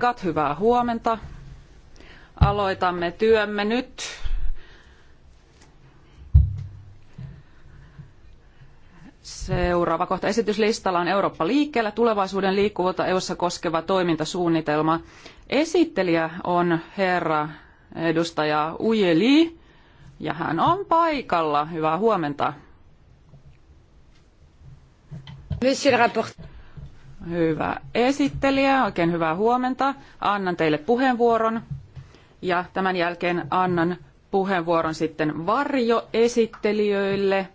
Kat, hyvää huomenta. Aloitamme työmme nyt. Seuraava kohta esityslistalla on Eurooppa liikkeellä tulevaisuuden liikkuvuutta EU:ssa koskeva toimintasuunnitelma. Esittelijä on herra edustaja Ujeli ja hän on paikalla. Hyvää huomenta. Monsieur le rapporteur. Hyvä esittelijä, oikein hyvää huomenta. Annan teille puheenvuoron ja tämän jälkeen annan puheenvuoron sitten varjoesittelijöille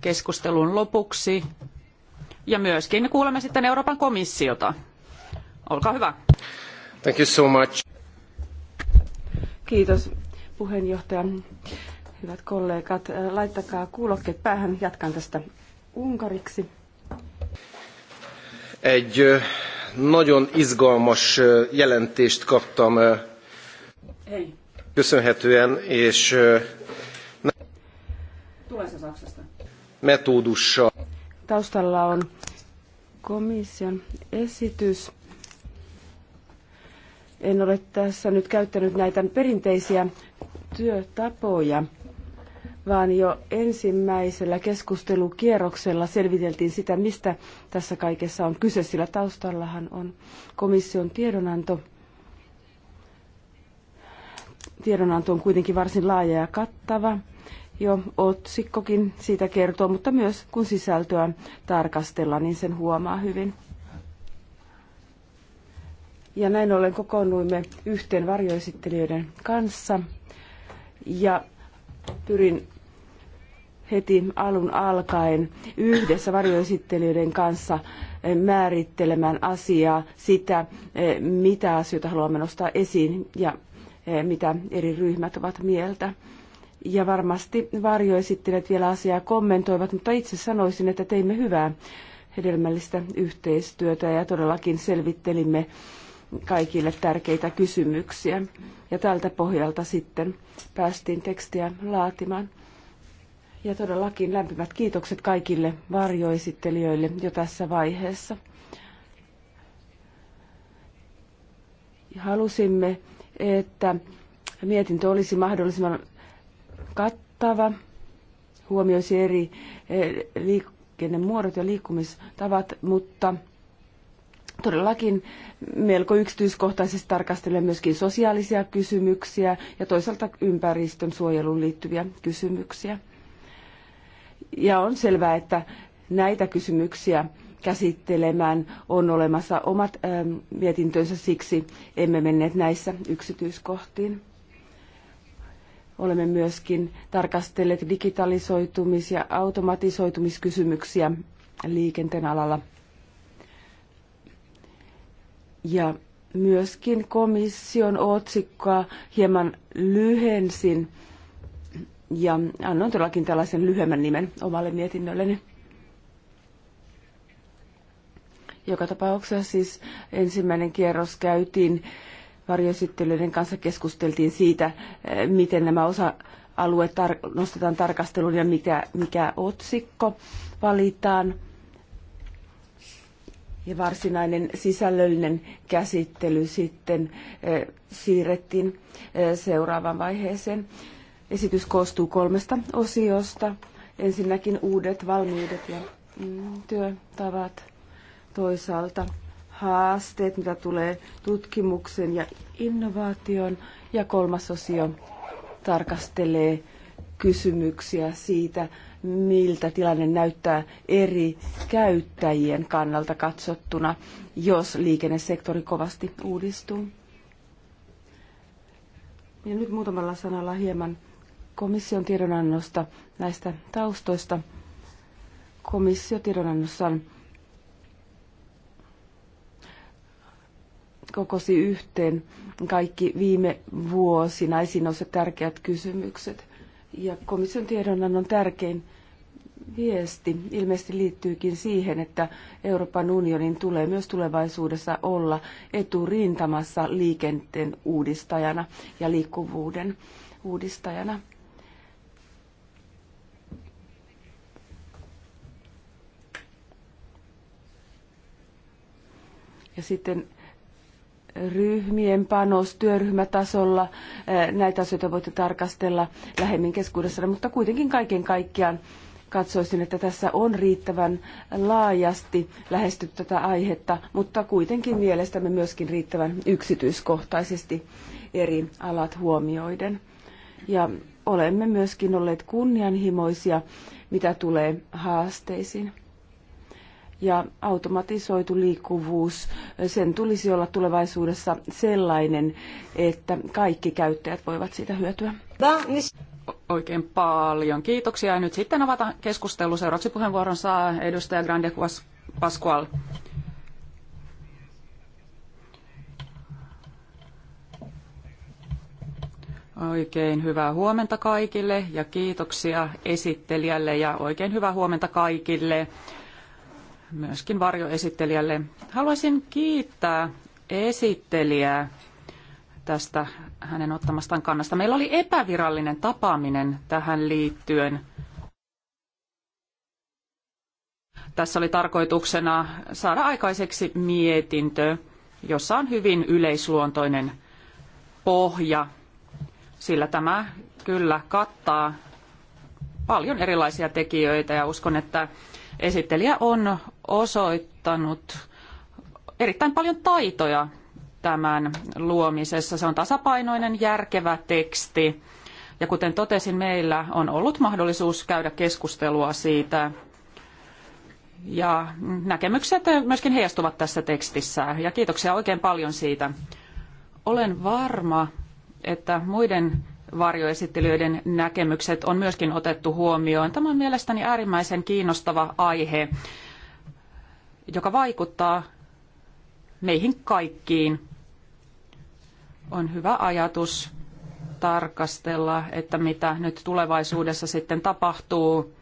keskustelun lopuksi. Ja myöskin kuulemme sitten Euroopan komissiota. Olkaa hyvä. Thank you so much. Kiitos puheenjohtaja. Hyvät kollegat, laittakaa kuulokkeet päähän. Jatkan tästä unkariksi. Egy nagyon izgalmas jelentést kaptam köszönhetően, és metódussal. Taustalla on komission esitys. En ole tässä nyt käyttänyt näitä perinteisiä työtapoja vaan jo ensimmäisellä keskustelukierroksella selviteltiin sitä, mistä tässä kaikessa on kyse, sillä taustallahan on komission tiedonanto. Tiedonanto on kuitenkin varsin laaja ja kattava. Jo otsikkokin siitä kertoo, mutta myös kun sisältöä tarkastellaan, niin sen huomaa hyvin. Ja näin ollen kokoonnuimme yhteen varjoesittelijöiden kanssa ja pyrin heti alun alkaen yhdessä varjoesittelijöiden kanssa eh, määrittelemään asiaa, sitä, eh, mitä asioita haluamme nostaa esiin ja eh, mitä eri ryhmät ovat mieltä. Ja varmasti varjoesittelijät vielä asiaa kommentoivat, mutta itse sanoisin, että teimme hyvää hedelmällistä yhteistyötä ja todellakin selvittelimme kaikille tärkeitä kysymyksiä. Ja tältä pohjalta sitten päästiin tekstiä laatimaan. Ja todellakin lämpimät kiitokset kaikille varjoesittelijöille jo tässä vaiheessa. Halusimme, että mietintö olisi mahdollisimman kattava, huomioisi eri eh, liikennemuodot ja liikkumistavat, mutta todellakin melko yksityiskohtaisesti tarkastelee myöskin sosiaalisia kysymyksiä ja toisaalta ympäristön suojeluun liittyviä kysymyksiä. Ja on selvää, että näitä kysymyksiä käsittelemään on olemassa omat ähm, mietintönsä, siksi emme menneet näissä yksityiskohtiin. Olemme myöskin tarkastelleet digitalisoitumis- ja automatisoitumiskysymyksiä liikenteen alalla. Ja myöskin komission otsikkoa hieman lyhensin ja annoin todellakin tällaisen lyhyemmän nimen omalle mietinnölleni. Joka tapauksessa siis ensimmäinen kierros käytiin varjoesittelyiden kanssa keskusteltiin siitä, eh, miten nämä osa-alueet tar- nostetaan tarkasteluun ja mikä, mikä otsikko valitaan. Ja varsinainen sisällöllinen käsittely sitten eh, siirrettiin eh, seuraavaan vaiheeseen. Esitys koostuu kolmesta osiosta. Ensinnäkin uudet valmiudet ja mm, työtavat. Toisaalta haasteet, mitä tulee tutkimuksen ja innovaation. Ja kolmas osio tarkastelee kysymyksiä siitä, miltä tilanne näyttää eri käyttäjien kannalta katsottuna, jos liikennesektori kovasti uudistuu. Ja nyt muutamalla sanalla hieman komission tiedonannosta näistä taustoista. Komissio tiedonannossaan kokosi yhteen kaikki viime vuosina esiin nousseet tärkeät kysymykset. Ja komission tiedonannon tärkein viesti ilmeisesti liittyykin siihen, että Euroopan unionin tulee myös tulevaisuudessa olla eturintamassa liikenteen uudistajana ja liikkuvuuden uudistajana. Ja sitten ryhmien panos työryhmätasolla. Näitä asioita voitte tarkastella lähemmin keskuudessa, mutta kuitenkin kaiken kaikkiaan katsoisin, että tässä on riittävän laajasti lähesty tätä aihetta, mutta kuitenkin mielestämme myöskin riittävän yksityiskohtaisesti eri alat huomioiden. Ja olemme myöskin olleet kunnianhimoisia, mitä tulee haasteisiin ja automatisoitu liikkuvuus, sen tulisi olla tulevaisuudessa sellainen, että kaikki käyttäjät voivat siitä hyötyä. Oikein paljon kiitoksia. Ja nyt sitten avataan keskustelu. Seuraavaksi puheenvuoron saa edustaja Grande Pascual. Oikein hyvää huomenta kaikille ja kiitoksia esittelijälle ja oikein hyvää huomenta kaikille myöskin varjoesittelijälle. Haluaisin kiittää esittelijää tästä hänen ottamastaan kannasta. Meillä oli epävirallinen tapaaminen tähän liittyen. Tässä oli tarkoituksena saada aikaiseksi mietintö, jossa on hyvin yleisluontoinen pohja, sillä tämä kyllä kattaa paljon erilaisia tekijöitä ja uskon, että esittelijä on osoittanut erittäin paljon taitoja tämän luomisessa. Se on tasapainoinen, järkevä teksti. Ja kuten totesin, meillä on ollut mahdollisuus käydä keskustelua siitä. Ja näkemykset myöskin heijastuvat tässä tekstissä. Ja kiitoksia oikein paljon siitä. Olen varma, että muiden varjoesittelijöiden näkemykset on myöskin otettu huomioon. Tämä on mielestäni äärimmäisen kiinnostava aihe joka vaikuttaa meihin kaikkiin. On hyvä ajatus tarkastella, että mitä nyt tulevaisuudessa sitten tapahtuu,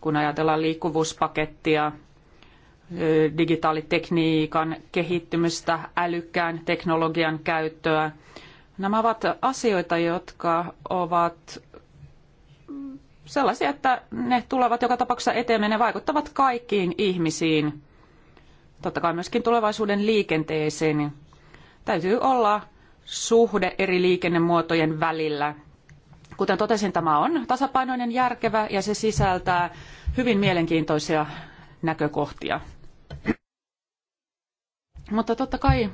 kun ajatellaan liikkuvuuspakettia, digitaalitekniikan kehittymistä, älykkään teknologian käyttöä. Nämä ovat asioita, jotka ovat sellaisia, että ne tulevat joka tapauksessa eteen ja ne vaikuttavat kaikkiin ihmisiin totta kai myöskin tulevaisuuden liikenteeseen, niin täytyy olla suhde eri liikennemuotojen välillä. Kuten totesin, tämä on tasapainoinen, järkevä ja se sisältää hyvin mielenkiintoisia näkökohtia. Mutta totta kai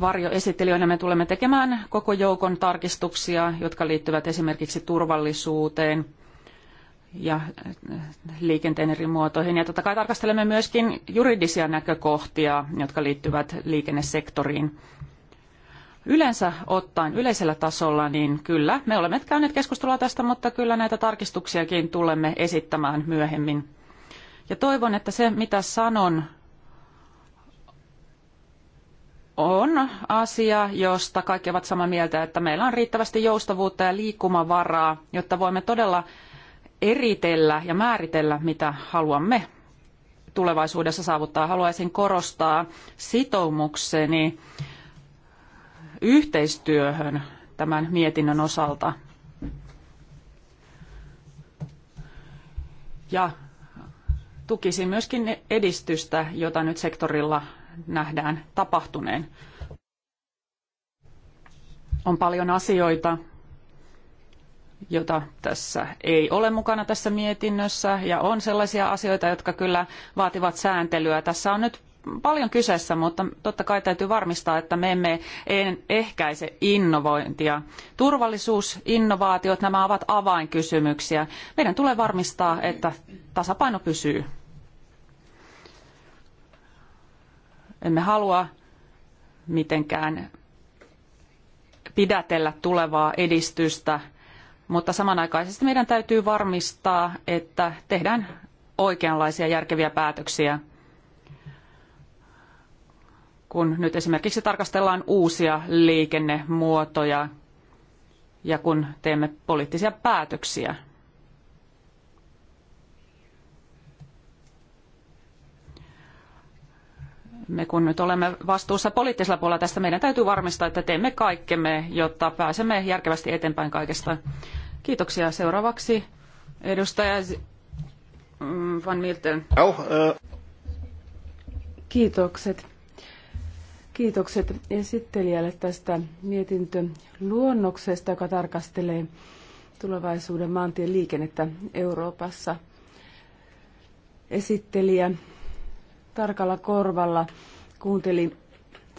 varjoesittelijöinä me tulemme tekemään koko joukon tarkistuksia, jotka liittyvät esimerkiksi turvallisuuteen, ja liikenteen eri muotoihin. Ja totta kai tarkastelemme myöskin juridisia näkökohtia, jotka liittyvät liikennesektoriin. Yleensä ottaen yleisellä tasolla, niin kyllä, me olemme käyneet keskustelua tästä, mutta kyllä näitä tarkistuksiakin tulemme esittämään myöhemmin. Ja toivon, että se mitä sanon on asia, josta kaikki ovat samaa mieltä, että meillä on riittävästi joustavuutta ja liikkumavaraa, jotta voimme todella eritellä ja määritellä, mitä haluamme tulevaisuudessa saavuttaa. Haluaisin korostaa sitoumukseni yhteistyöhön tämän mietinnön osalta. Ja tukisin myöskin edistystä, jota nyt sektorilla nähdään tapahtuneen. On paljon asioita, jota tässä ei ole mukana tässä mietinnössä, ja on sellaisia asioita, jotka kyllä vaativat sääntelyä. Tässä on nyt paljon kyseessä, mutta totta kai täytyy varmistaa, että me emme ehkäise innovointia. Turvallisuus, innovaatiot, nämä ovat avainkysymyksiä. Meidän tulee varmistaa, että tasapaino pysyy. Emme halua mitenkään pidätellä tulevaa edistystä – mutta samanaikaisesti meidän täytyy varmistaa, että tehdään oikeanlaisia järkeviä päätöksiä, kun nyt esimerkiksi tarkastellaan uusia liikennemuotoja ja kun teemme poliittisia päätöksiä. me kun nyt olemme vastuussa poliittisella puolella tästä, meidän täytyy varmistaa, että teemme kaikkemme, jotta pääsemme järkevästi eteenpäin kaikesta. Kiitoksia. Seuraavaksi edustaja mm, Van Milten. Kiitokset. Kiitokset esittelijälle tästä mietintöluonnoksesta, joka tarkastelee tulevaisuuden maantien liikennettä Euroopassa. Esittelijä tarkalla korvalla kuuntelin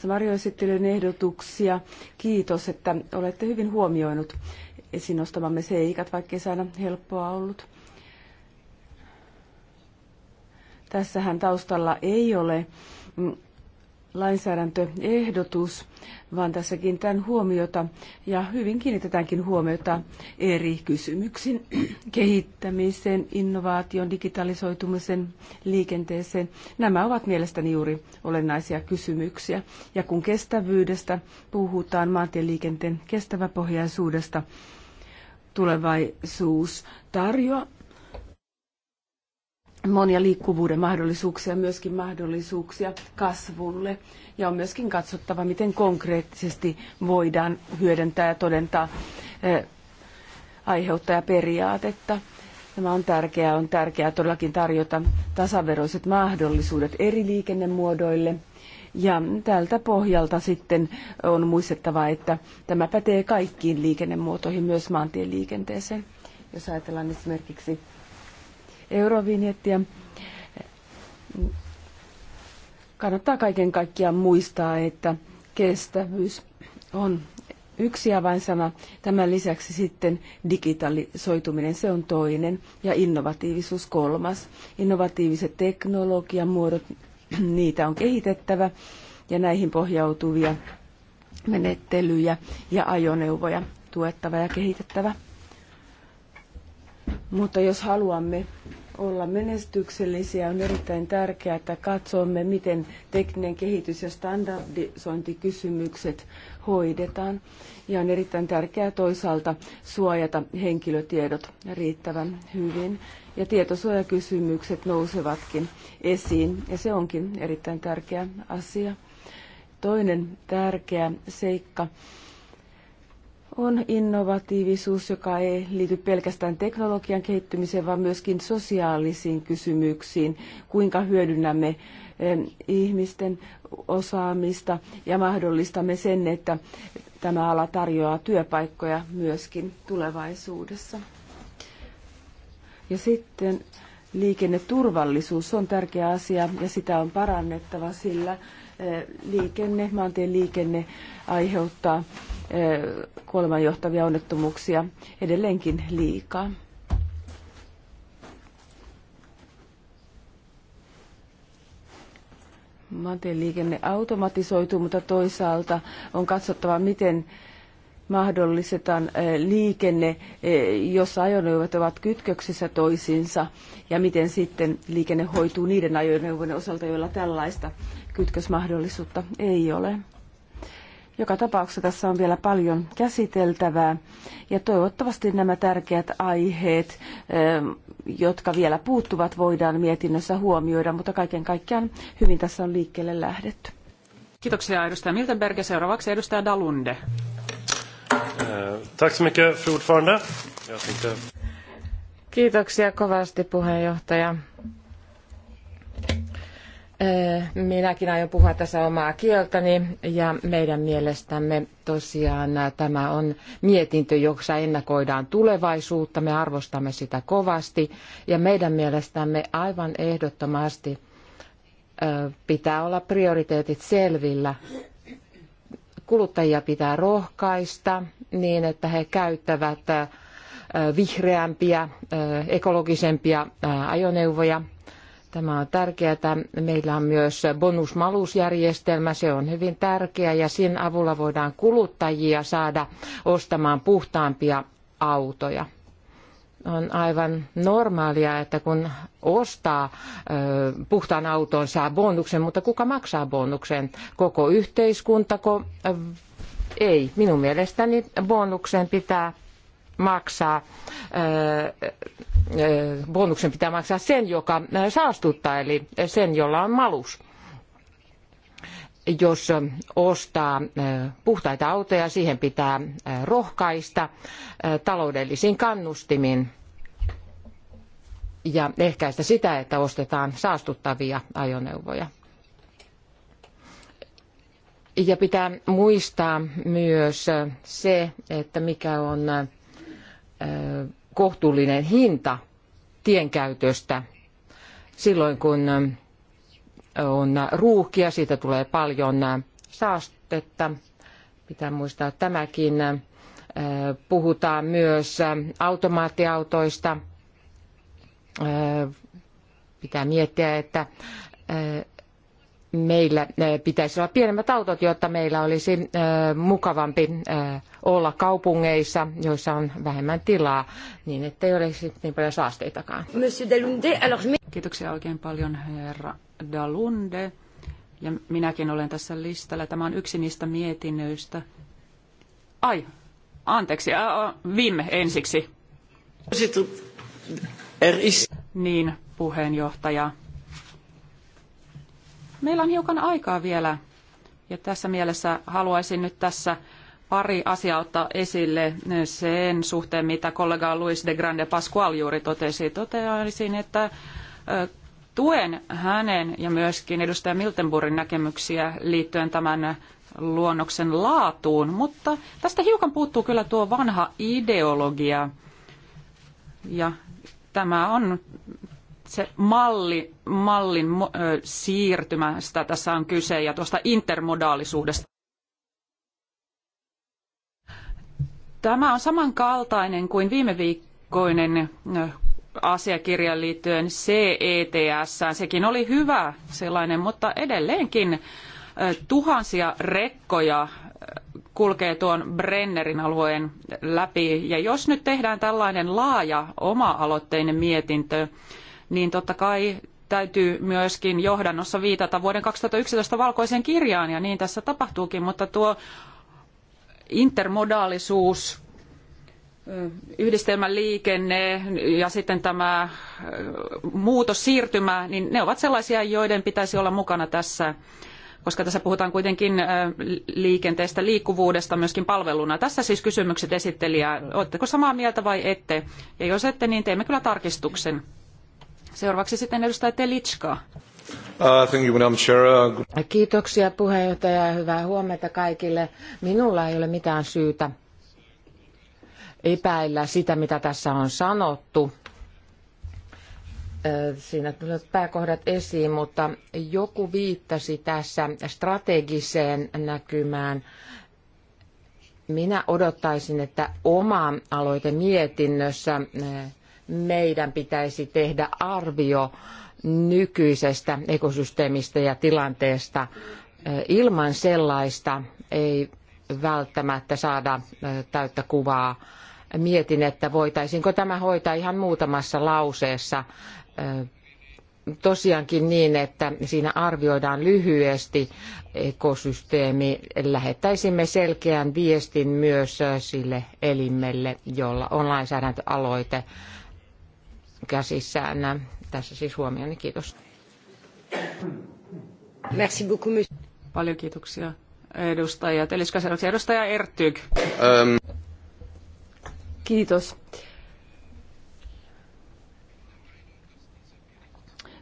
varjoesittelyn ehdotuksia. Kiitos, että olette hyvin huomioinut esiin nostamamme seikat, vaikka ei aina helppoa ollut. Tässähän taustalla ei ole mm, lainsäädäntöehdotus, vaan tässä kiinnitän huomiota ja hyvin kiinnitetäänkin huomiota eri kysymyksiin, kehittämiseen, innovaation, digitalisoitumisen, liikenteeseen. Nämä ovat mielestäni juuri olennaisia kysymyksiä. Ja kun kestävyydestä puhutaan, maantieliikenteen kestäväpohjaisuudesta, tulevaisuus tarjoaa monia liikkuvuuden mahdollisuuksia, myöskin mahdollisuuksia kasvulle. Ja on myöskin katsottava, miten konkreettisesti voidaan hyödyntää ja todentaa eh, aiheuttajaperiaatetta. Tämä on tärkeää. On tärkeää todellakin tarjota tasaveroiset mahdollisuudet eri liikennemuodoille. Ja tältä pohjalta sitten on muistettava, että tämä pätee kaikkiin liikennemuotoihin, myös maantieliikenteeseen. Jos ajatellaan esimerkiksi eurovinjettiä. Kannattaa kaiken kaikkiaan muistaa, että kestävyys on yksi avainsana. Tämän lisäksi sitten digitalisoituminen, se on toinen, ja innovatiivisuus kolmas. Innovatiiviset teknologian muodot, niitä on kehitettävä, ja näihin pohjautuvia menettelyjä ja ajoneuvoja tuettava ja kehitettävä. Mutta jos haluamme olla menestyksellisiä, on erittäin tärkeää, että katsomme, miten tekninen kehitys ja standardisointikysymykset hoidetaan. Ja on erittäin tärkeää toisaalta suojata henkilötiedot riittävän hyvin. Ja tietosuojakysymykset nousevatkin esiin, ja se onkin erittäin tärkeä asia. Toinen tärkeä seikka on innovatiivisuus, joka ei liity pelkästään teknologian kehittymiseen, vaan myöskin sosiaalisiin kysymyksiin, kuinka hyödynnämme ihmisten osaamista ja mahdollistamme sen, että tämä ala tarjoaa työpaikkoja myöskin tulevaisuudessa. Ja sitten liikenneturvallisuus on tärkeä asia ja sitä on parannettava, sillä eh, liikenne, maantien liikenne aiheuttaa kuolemanjohtavia onnettomuuksia edelleenkin liikaa. Maantieliikenne automatisoituu, mutta toisaalta on katsottava, miten mahdollistetaan eh, liikenne, eh, jossa ajoneuvot ovat kytköksissä toisiinsa, ja miten sitten liikenne hoituu niiden ajoneuvojen osalta, joilla tällaista kytkösmahdollisuutta ei ole. Joka tapauksessa tässä on vielä paljon käsiteltävää ja toivottavasti nämä tärkeät aiheet, eh, jotka vielä puuttuvat, voidaan mietinnössä huomioida, mutta kaiken kaikkiaan hyvin tässä on liikkeelle lähdetty. Kiitoksia edustaja Miltenberg ja seuraavaksi edustaja Dalunde. Eh, tack så mycket, fru ordförande. Kiitoksia kovasti puheenjohtaja. Minäkin aion puhua tässä omaa kieltäni ja meidän mielestämme tosiaan tämä on mietintö, jossa ennakoidaan tulevaisuutta. Me arvostamme sitä kovasti ja meidän mielestämme aivan ehdottomasti pitää olla prioriteetit selvillä. Kuluttajia pitää rohkaista niin, että he käyttävät vihreämpiä, ekologisempia ajoneuvoja – Tämä on tärkeää. Meillä on myös bonusmalusjärjestelmä, se on hyvin tärkeä ja sen avulla voidaan kuluttajia saada ostamaan puhtaampia autoja. On aivan normaalia, että kun ostaa ö, puhtaan auton, saa bonuksen, mutta kuka maksaa bonuksen? Koko yhteiskuntako? Ei, minun mielestäni bonuksen pitää maksaa, öö, öö, bonuksen pitää maksaa sen, joka öö, saastuttaa, eli sen, jolla on malus jos ostaa puhtaita autoja, siihen pitää rohkaista taloudellisin kannustimin ja ehkäistä sitä, että ostetaan saastuttavia ajoneuvoja. Ja pitää muistaa myös se, että mikä on kohtuullinen hinta tienkäytöstä silloin, kun on ruuhkia, siitä tulee paljon saastetta. Pitää muistaa tämäkin. Puhutaan myös automaattiautoista. Pitää miettiä, että meillä pitäisi olla pienemmät autot, jotta meillä olisi mukavampi olla kaupungeissa, joissa on vähemmän tilaa, niin ettei olisi niin paljon saasteitakaan. Kiitoksia oikein paljon herra Dalunde. Ja minäkin olen tässä listalla. Tämä on yksi niistä mietinnöistä. Ai, anteeksi, Vim ensiksi. Niin, puheenjohtaja. Meillä on hiukan aikaa vielä ja tässä mielessä haluaisin nyt tässä pari asiaa ottaa esille sen suhteen, mitä kollega Luis de Grande Pascual juuri totesi. Toteaisin, että tuen hänen ja myöskin edustaja Miltenburgin näkemyksiä liittyen tämän luonnoksen laatuun, mutta tästä hiukan puuttuu kyllä tuo vanha ideologia. Ja tämä on se malli, mallin siirtymästä tässä on kyse ja tuosta intermodaalisuudesta. Tämä on samankaltainen kuin viime viikkoinen asiakirjan liittyen CETS. Sekin oli hyvä sellainen, mutta edelleenkin tuhansia rekkoja kulkee tuon Brennerin alueen läpi. Ja jos nyt tehdään tällainen laaja oma-aloitteinen mietintö, niin totta kai täytyy myöskin johdannossa viitata vuoden 2011 valkoiseen kirjaan, ja niin tässä tapahtuukin, mutta tuo intermodaalisuus, yhdistelmän liikenne ja sitten tämä muutos, siirtymä, niin ne ovat sellaisia, joiden pitäisi olla mukana tässä, koska tässä puhutaan kuitenkin liikenteestä, liikkuvuudesta myöskin palveluna. Tässä siis kysymykset esittelijä Oletteko samaa mieltä vai ette? Ja jos ette, niin teemme kyllä tarkistuksen. Seuraavaksi sitten edustaja Telitska. Uh, Kiitoksia puheenjohtaja ja hyvää huomenta kaikille. Minulla ei ole mitään syytä epäillä sitä, mitä tässä on sanottu. Siinä tulee pääkohdat esiin, mutta joku viittasi tässä strategiseen näkymään. Minä odottaisin, että oma aloite mietinnössä meidän pitäisi tehdä arvio nykyisestä ekosysteemistä ja tilanteesta. Ilman sellaista ei välttämättä saada täyttä kuvaa. Mietin, että voitaisiinko tämä hoitaa ihan muutamassa lauseessa tosiaankin niin, että siinä arvioidaan lyhyesti ekosysteemi. Lähettäisimme selkeän viestin myös sille elimelle, jolla on lainsäädäntöaloite käsissään. Tässä siis huomioni. Kiitos. Merci beaucoup, monsieur. Paljon kiitoksia edustaja. Teliskä edustaja Ertyg. Um. Ähm. Kiitos.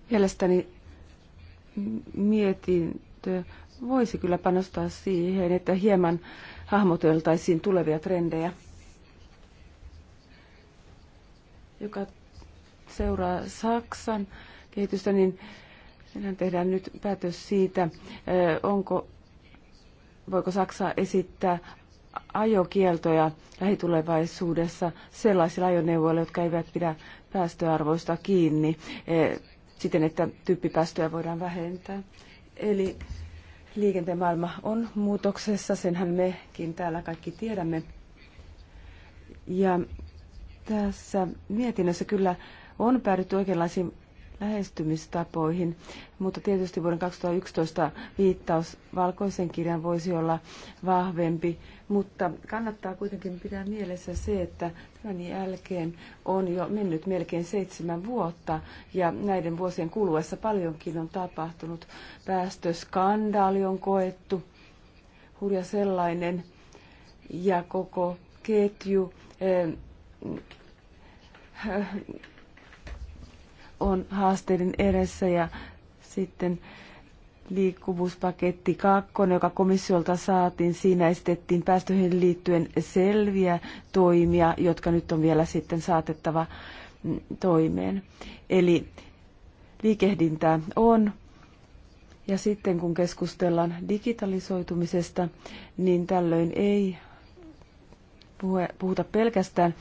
Mielestäni mietintö voisi kyllä panostaa siihen, että hieman hahmoteltaisiin tulevia trendejä. Joka seuraa Saksan kehitystä, niin tehdään nyt päätös siitä, onko, voiko Saksa esittää ajokieltoja lähitulevaisuudessa sellaisilla ajoneuvoilla, jotka eivät pidä päästöarvoista kiinni siten, että tyyppipäästöjä voidaan vähentää. Eli liikenteen maailma on muutoksessa, senhän mekin täällä kaikki tiedämme. Ja tässä mietinnössä kyllä on päädytty oikeanlaisiin lähestymistapoihin, mutta tietysti vuoden 2011 viittaus valkoisen kirjan voisi olla vahvempi, mutta kannattaa kuitenkin pitää mielessä se, että tämän jälkeen on jo mennyt melkein seitsemän vuotta ja näiden vuosien kuluessa paljonkin on tapahtunut. Päästöskandaali on koettu, hurja sellainen, ja koko ketju. Eh, on haasteiden edessä ja sitten liikkuvuuspaketti 2, joka komissiolta saatiin, siinä esitettiin päästöihin liittyen selviä toimia, jotka nyt on vielä sitten saatettava mm, toimeen. Eli liikehdintää on. Ja sitten kun keskustellaan digitalisoitumisesta, niin tällöin ei puhuta pelkästään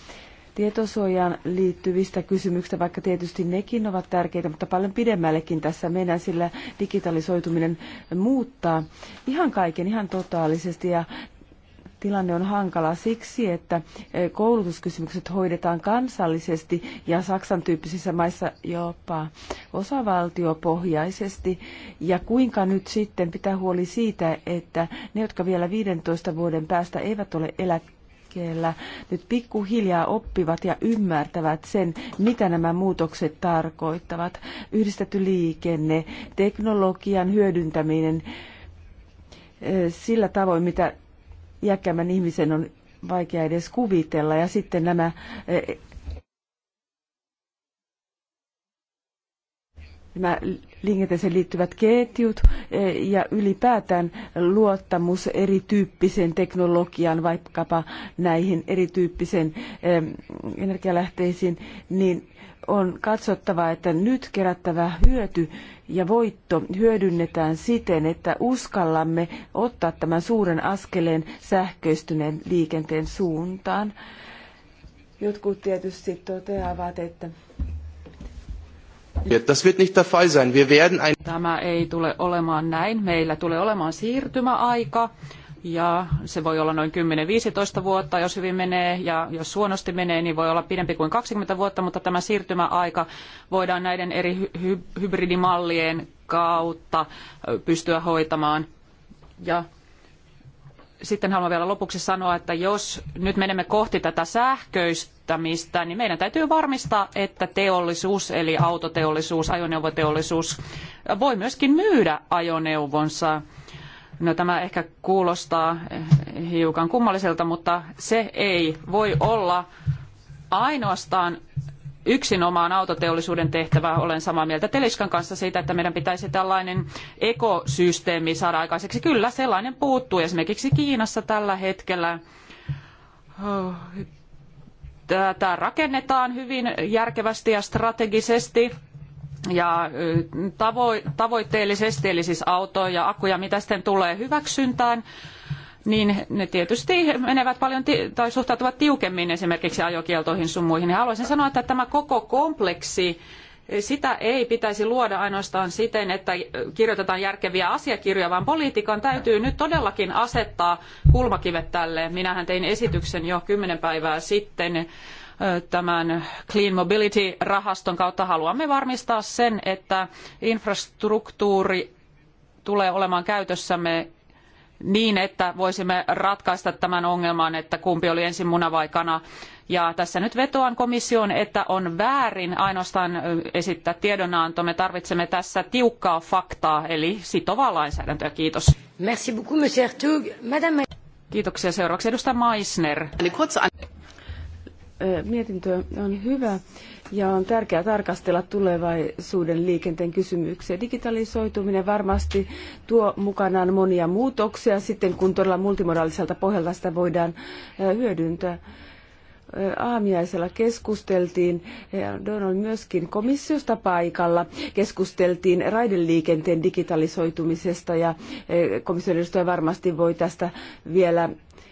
tietosuojaan liittyvistä kysymyksistä, vaikka tietysti nekin ovat tärkeitä, mutta paljon pidemmällekin tässä mennään, sillä digitalisoituminen muuttaa ihan kaiken, ihan totaalisesti ja tilanne on hankala siksi, että e, koulutuskysymykset hoidetaan kansallisesti ja Saksan tyyppisissä maissa jopa osavaltiopohjaisesti. Ja kuinka nyt sitten pitää huoli siitä, että ne, jotka vielä 15 vuoden päästä eivät ole eläkkeellä, liikkeellä, nyt pikkuhiljaa oppivat ja ymmärtävät sen, mitä nämä muutokset tarkoittavat. Yhdistetty liikenne, teknologian hyödyntäminen eh, sillä tavoin, mitä iäkkäämmän ihmisen on vaikea edes kuvitella. Ja sitten nämä eh, nämä liikenteeseen liittyvät ketjut e, ja ylipäätään luottamus erityyppiseen teknologiaan, vaikkapa näihin erityyppisiin e, energialähteisiin, niin on katsottava, että nyt kerättävä hyöty ja voitto hyödynnetään siten, että uskallamme ottaa tämän suuren askeleen sähköistyneen liikenteen suuntaan. Jotkut tietysti toteavat, että Tämä ei tule olemaan näin. Meillä tulee olemaan siirtymäaika ja se voi olla noin 10-15 vuotta, jos hyvin menee, ja jos huonosti menee, niin voi olla pidempi kuin 20 vuotta, mutta tämä siirtymäaika voidaan näiden eri hybridimallien kautta pystyä hoitamaan. Ja sitten haluan vielä lopuksi sanoa, että jos nyt menemme kohti tätä sähköistämistä, niin meidän täytyy varmistaa, että teollisuus, eli autoteollisuus, ajoneuvoteollisuus, voi myöskin myydä ajoneuvonsa. No tämä ehkä kuulostaa hiukan kummalliselta, mutta se ei voi olla ainoastaan yksinomaan autoteollisuuden tehtävä. Olen samaa mieltä Teliskan kanssa siitä, että meidän pitäisi tällainen ekosysteemi saada aikaiseksi. Kyllä, sellainen puuttuu. Esimerkiksi Kiinassa tällä hetkellä tätä rakennetaan hyvin järkevästi ja strategisesti ja tavoitteellisesti, eli siis autoja, akkuja, mitä sitten tulee hyväksyntään niin ne tietysti menevät paljon tai suhtautuvat tiukemmin esimerkiksi ajokieltoihin sun muihin. Ja haluaisin sanoa, että tämä koko kompleksi sitä ei pitäisi luoda ainoastaan siten, että kirjoitetaan järkeviä asiakirjoja, vaan poliitikon täytyy nyt todellakin asettaa kulmakivet tälle. Minähän tein esityksen jo kymmenen päivää sitten tämän Clean Mobility-rahaston kautta haluamme varmistaa sen, että infrastruktuuri tulee olemaan käytössämme niin, että voisimme ratkaista tämän ongelman, että kumpi oli ensin muna vai kana. Ja tässä nyt vetoan komissioon, että on väärin ainoastaan esittää tiedonanto. Me tarvitsemme tässä tiukkaa faktaa, eli sitovaa lainsäädäntöä. Kiitos. Merci beaucoup, monsieur Madame... Kiitoksia. Seuraavaksi edustaja Meissner. Mietintö on hyvä. Ja on tärkeää tarkastella tulevaisuuden liikenteen kysymyksiä. Digitalisoituminen varmasti tuo mukanaan monia muutoksia sitten, kun todella multimodaaliselta pohjalta sitä voidaan hyödyntää aamiaisella keskusteltiin, Donald myöskin komissiosta paikalla, keskusteltiin raideliikenteen digitalisoitumisesta ja komission edustaja varmasti voi tästä vielä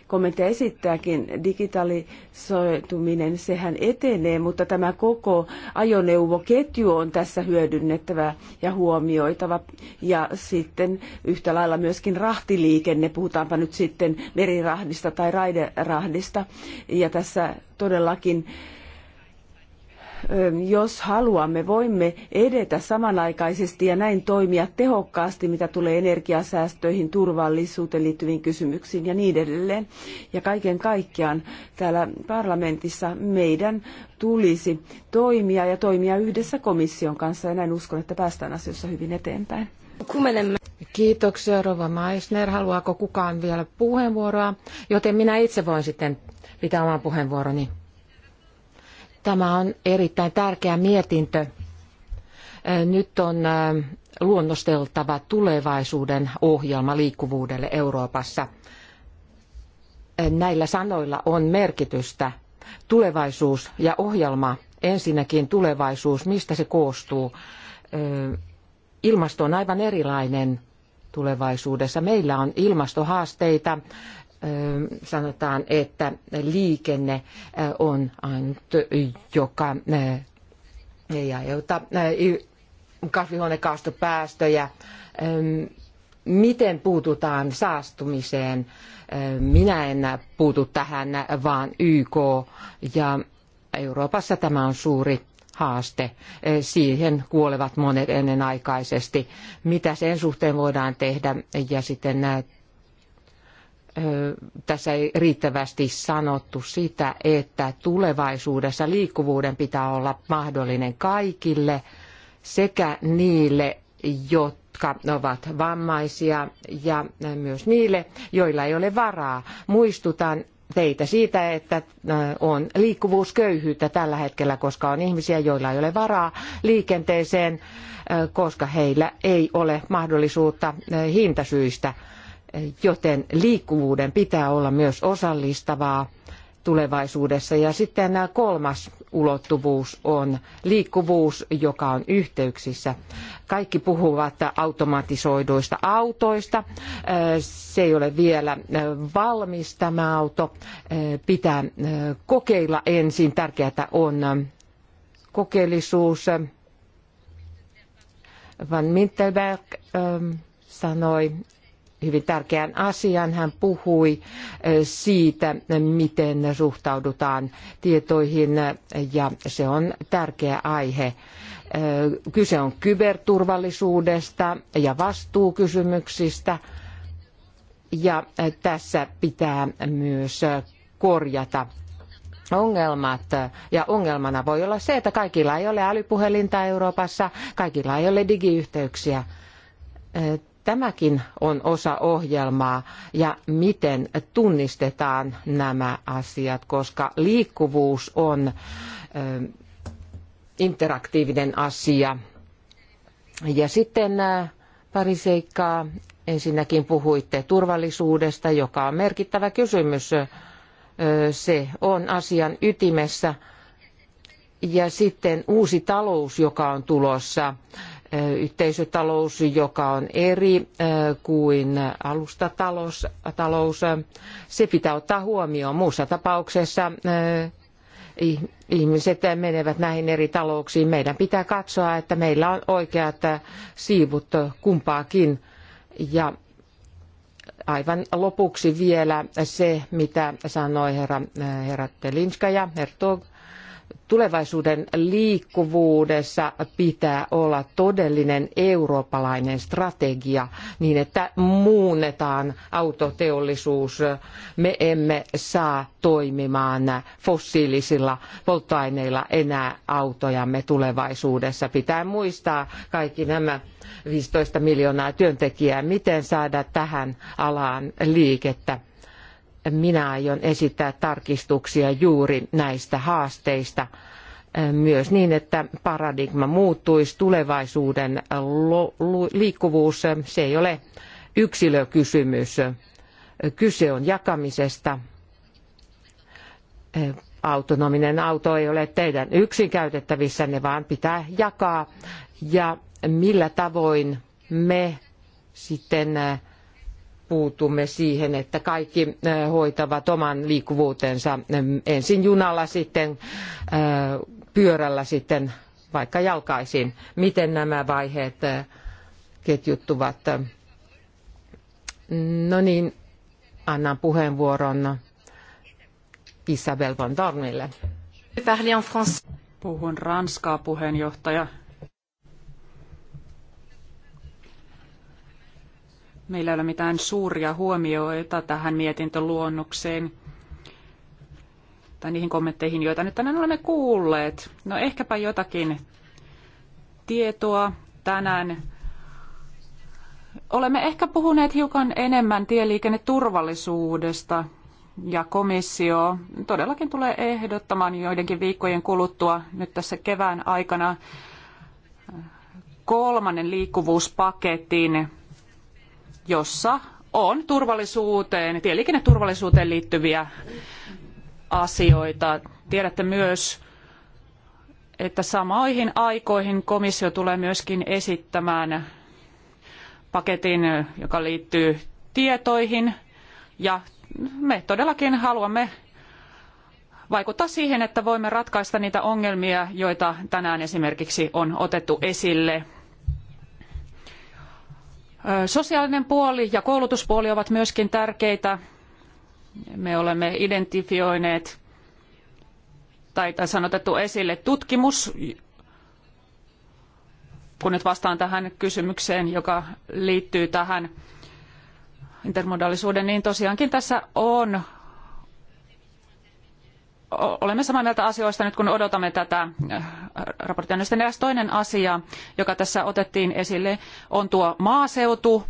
kommentteja esittääkin. Digitalisoituminen, sehän etenee, mutta tämä koko ajoneuvoketju on tässä hyödynnettävä ja huomioitava. Ja sitten yhtä lailla myöskin rahtiliikenne, puhutaanpa nyt sitten merirahdista tai raiderahdista. Ja tässä todellakin jos haluamme, voimme edetä samanaikaisesti ja näin toimia tehokkaasti, mitä tulee energiasäästöihin, turvallisuuteen liittyviin kysymyksiin ja niin edelleen. Ja kaiken kaikkiaan täällä parlamentissa meidän tulisi toimia ja toimia yhdessä komission kanssa ja näin uskon, että päästään asioissa hyvin eteenpäin. Kiitoksia Rova Maisner. Haluaako kukaan vielä puheenvuoroa? Joten minä itse voin sitten pitää oman puheenvuoroni. Tämä on erittäin tärkeä mietintö. Nyt on luonnosteltava tulevaisuuden ohjelma liikkuvuudelle Euroopassa. Näillä sanoilla on merkitystä. Tulevaisuus ja ohjelma, ensinnäkin tulevaisuus, mistä se koostuu. Ilmasto on aivan erilainen tulevaisuudessa. Meillä on ilmastohaasteita, sanotaan, että liikenne on ainut, joka ei aiheuta kasvihuonekaastopäästöjä. Miten puututaan saastumiseen? Minä en puutu tähän, vaan YK ja Euroopassa tämä on suuri haaste. Siihen kuolevat monet ennenaikaisesti. Mitä sen suhteen voidaan tehdä ja sitten tässä ei riittävästi sanottu sitä, että tulevaisuudessa liikkuvuuden pitää olla mahdollinen kaikille sekä niille, jotka ovat vammaisia ja myös niille, joilla ei ole varaa. Muistutan teitä siitä, että on liikkuvuusköyhyyttä tällä hetkellä, koska on ihmisiä, joilla ei ole varaa liikenteeseen, koska heillä ei ole mahdollisuutta hintasyistä joten liikkuvuuden pitää olla myös osallistavaa tulevaisuudessa. Ja sitten nämä kolmas ulottuvuus on liikkuvuus, joka on yhteyksissä. Kaikki puhuvat automatisoiduista autoista. Se ei ole vielä valmis tämä auto. Pitää kokeilla ensin. Tärkeää on kokeellisuus. Van Mittelberg ähm, sanoi, hyvin tärkeän asian. Hän puhui eh, siitä, miten suhtaudutaan tietoihin eh, ja se on tärkeä aihe. Eh, kyse on kyberturvallisuudesta ja vastuukysymyksistä ja tässä pitää myös korjata ongelmat. Ja ongelmana voi olla se, että kaikilla ei ole älypuhelinta Euroopassa, kaikilla ei ole digiyhteyksiä Tämäkin on osa ohjelmaa ja miten tunnistetaan nämä asiat, koska liikkuvuus on interaktiivinen asia. Ja sitten pari seikkaa. Ensinnäkin puhuitte turvallisuudesta, joka on merkittävä kysymys. Se on asian ytimessä. Ja sitten uusi talous, joka on tulossa yhteisötalous, joka on eri kuin alustatalous. Talous, se pitää ottaa huomioon. Muussa tapauksessa ihmiset menevät näihin eri talouksiin. Meidän pitää katsoa, että meillä on oikeat siivut kumpaakin. Ja aivan lopuksi vielä se, mitä sanoi herra, herra Telinska ja Hertog tulevaisuuden liikkuvuudessa pitää olla todellinen eurooppalainen strategia niin, että muunnetaan autoteollisuus. Me emme saa toimimaan fossiilisilla polttoaineilla enää autojamme tulevaisuudessa. Pitää muistaa kaikki nämä 15 miljoonaa työntekijää, miten saada tähän alaan liikettä minä aion esittää tarkistuksia juuri näistä haasteista myös niin, että paradigma muuttuisi tulevaisuuden liikkuvuus. Se ei ole yksilökysymys. Kyse on jakamisesta. Autonominen auto ei ole teidän yksin käytettävissänne, vaan pitää jakaa. Ja millä tavoin me sitten puutumme siihen, että kaikki hoitavat oman liikkuvuutensa ensin junalla, sitten pyörällä, sitten vaikka jalkaisin. Miten nämä vaiheet ketjuttuvat? No niin, annan puheenvuoron Isabel von Dornille. Puhun ranskaa puheenjohtaja. Meillä ei ole mitään suuria huomioita tähän mietintöluonnokseen tai niihin kommentteihin, joita nyt tänään olemme kuulleet. No ehkäpä jotakin tietoa tänään. Olemme ehkä puhuneet hiukan enemmän tieliikenneturvallisuudesta ja komissio todellakin tulee ehdottamaan joidenkin viikkojen kuluttua nyt tässä kevään aikana kolmannen liikkuvuuspaketin jossa on turvallisuuteen, tieliikenneturvallisuuteen liittyviä asioita. Tiedätte myös, että samoihin aikoihin komissio tulee myöskin esittämään paketin, joka liittyy tietoihin. Ja me todellakin haluamme vaikuttaa siihen, että voimme ratkaista niitä ongelmia, joita tänään esimerkiksi on otettu esille Sosiaalinen puoli ja koulutuspuoli ovat myöskin tärkeitä. Me olemme identifioineet tai tässä sanotettu esille tutkimus, kun nyt vastaan tähän kysymykseen, joka liittyy tähän intermodaalisuuden, niin tosiaankin tässä on olemme samaa mieltä asioista nyt kun odotamme tätä äh, raporttia. No sitten eräs toinen asia, joka tässä otettiin esille, on tuo maaseutu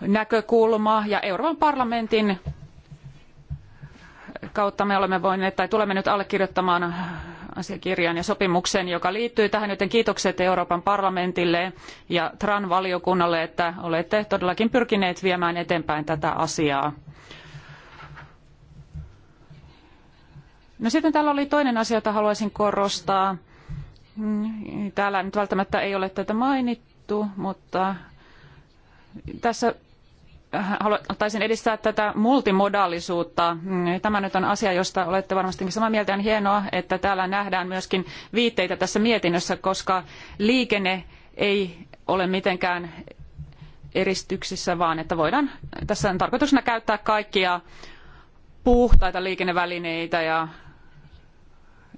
näkökulma ja Euroopan parlamentin kautta me olemme voineet tai tulemme nyt allekirjoittamaan asiakirjan ja sopimuksen, joka liittyy tähän, joten kiitokset Euroopan parlamentille ja TRAN-valiokunnalle, että olette todellakin pyrkineet viemään eteenpäin tätä asiaa No sitten täällä oli toinen asia, jota haluaisin korostaa. Mm, täällä nyt välttämättä ei ole tätä mainittu, mutta tässä äh, haluaisin edistää tätä multimodaalisuutta. Mm, tämä nyt on asia, josta olette varmasti samaa mieltä. On hienoa, että täällä nähdään myöskin viitteitä tässä mietinnössä, koska liikenne ei ole mitenkään eristyksissä, vaan että voidaan, tässä on tarkoituksena käyttää kaikkia puhtaita liikennevälineitä ja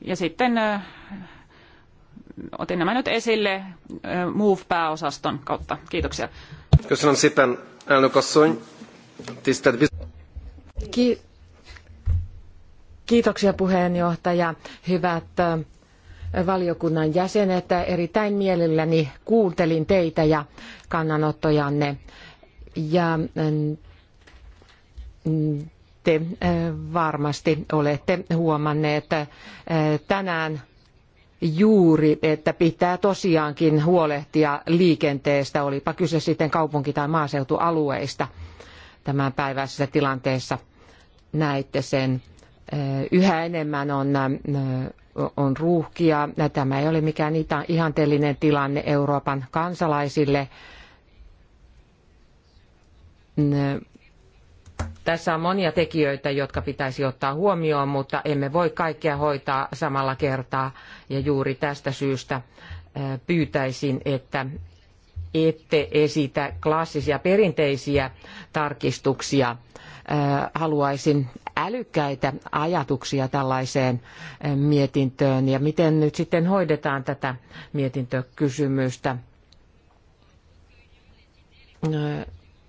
ja sitten otin nämä nyt esille Move-pääosaston kautta. Kiitoksia. Kysyn sitten Kiitoksia puheenjohtaja. Hyvät valiokunnan jäsenet, erittäin mielelläni kuuntelin teitä ja kannanottojanne. Ja mm, mm, te eh, varmasti olette huomanneet eh, tänään juuri, että pitää tosiaankin huolehtia liikenteestä, olipa kyse sitten kaupunki- tai maaseutualueista tämän päivässä tilanteessa. Näitte sen. Eh, yhä enemmän on, on ruuhkia. Tämä ei ole mikään ihanteellinen tilanne Euroopan kansalaisille tässä on monia tekijöitä, jotka pitäisi ottaa huomioon, mutta emme voi kaikkea hoitaa samalla kertaa. Ja juuri tästä syystä pyytäisin, että ette esitä klassisia perinteisiä tarkistuksia. Haluaisin älykkäitä ajatuksia tällaiseen mietintöön ja miten nyt sitten hoidetaan tätä mietintökysymystä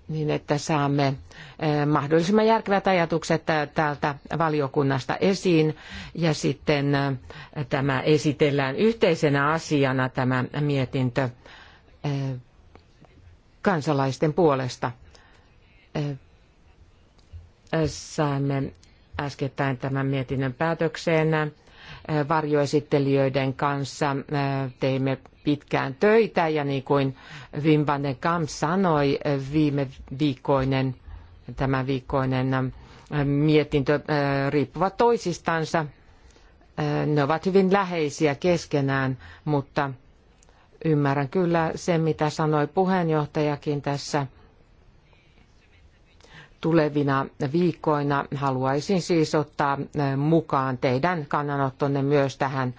niin että saamme eh, mahdollisimman järkevät ajatukset täältä valiokunnasta esiin ja sitten eh, tämä esitellään yhteisenä asiana tämä mietintö eh, kansalaisten puolesta. Saimme äskettäin tämän mietinnön päätökseen varjoesittelijöiden kanssa. Teimme pitkään töitä ja niin kuin Wim van den Kamp sanoi, viime viikkoinen, tämän viikkoinen ähm, mietintö äh, riippuvat toisistansa. Äh, ne ovat hyvin läheisiä keskenään, mutta ymmärrän kyllä sen, mitä sanoi puheenjohtajakin tässä tulevina viikkoina. Haluaisin siis ottaa äh, mukaan teidän kannanottonne myös tähän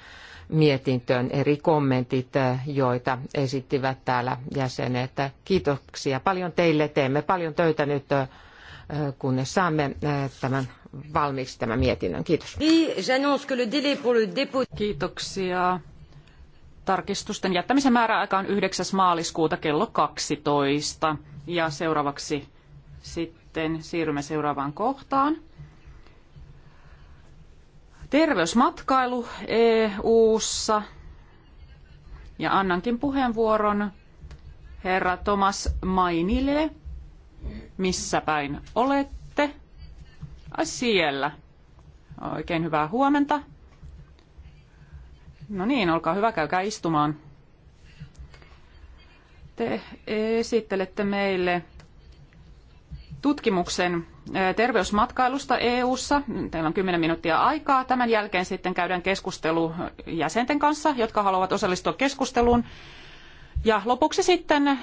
mietintöön eri kommentit, eh, joita esittivät täällä jäsenet. Kiitoksia paljon teille. Teemme paljon töitä nyt, eh, kunnes saamme eh, tämän valmiiksi tämän mietinnön. Kiitos. Kiitoksia. Tarkistusten jättämisen määräaika on 9. maaliskuuta kello 12. Ja seuraavaksi sitten siirrymme seuraavaan kohtaan terveysmatkailu EU-ssa. Ja annankin puheenvuoron herra Thomas Mainille. Missä päin olette? Ai siellä. Oikein hyvää huomenta. No niin, olkaa hyvä, käykää istumaan. Te esittelette meille tutkimuksen terveysmatkailusta EU:ssa. Teillä on 10 minuuttia aikaa. Tämän jälkeen sitten käydään keskustelu jäsenten kanssa, jotka haluavat osallistua keskusteluun. Ja lopuksi sitten,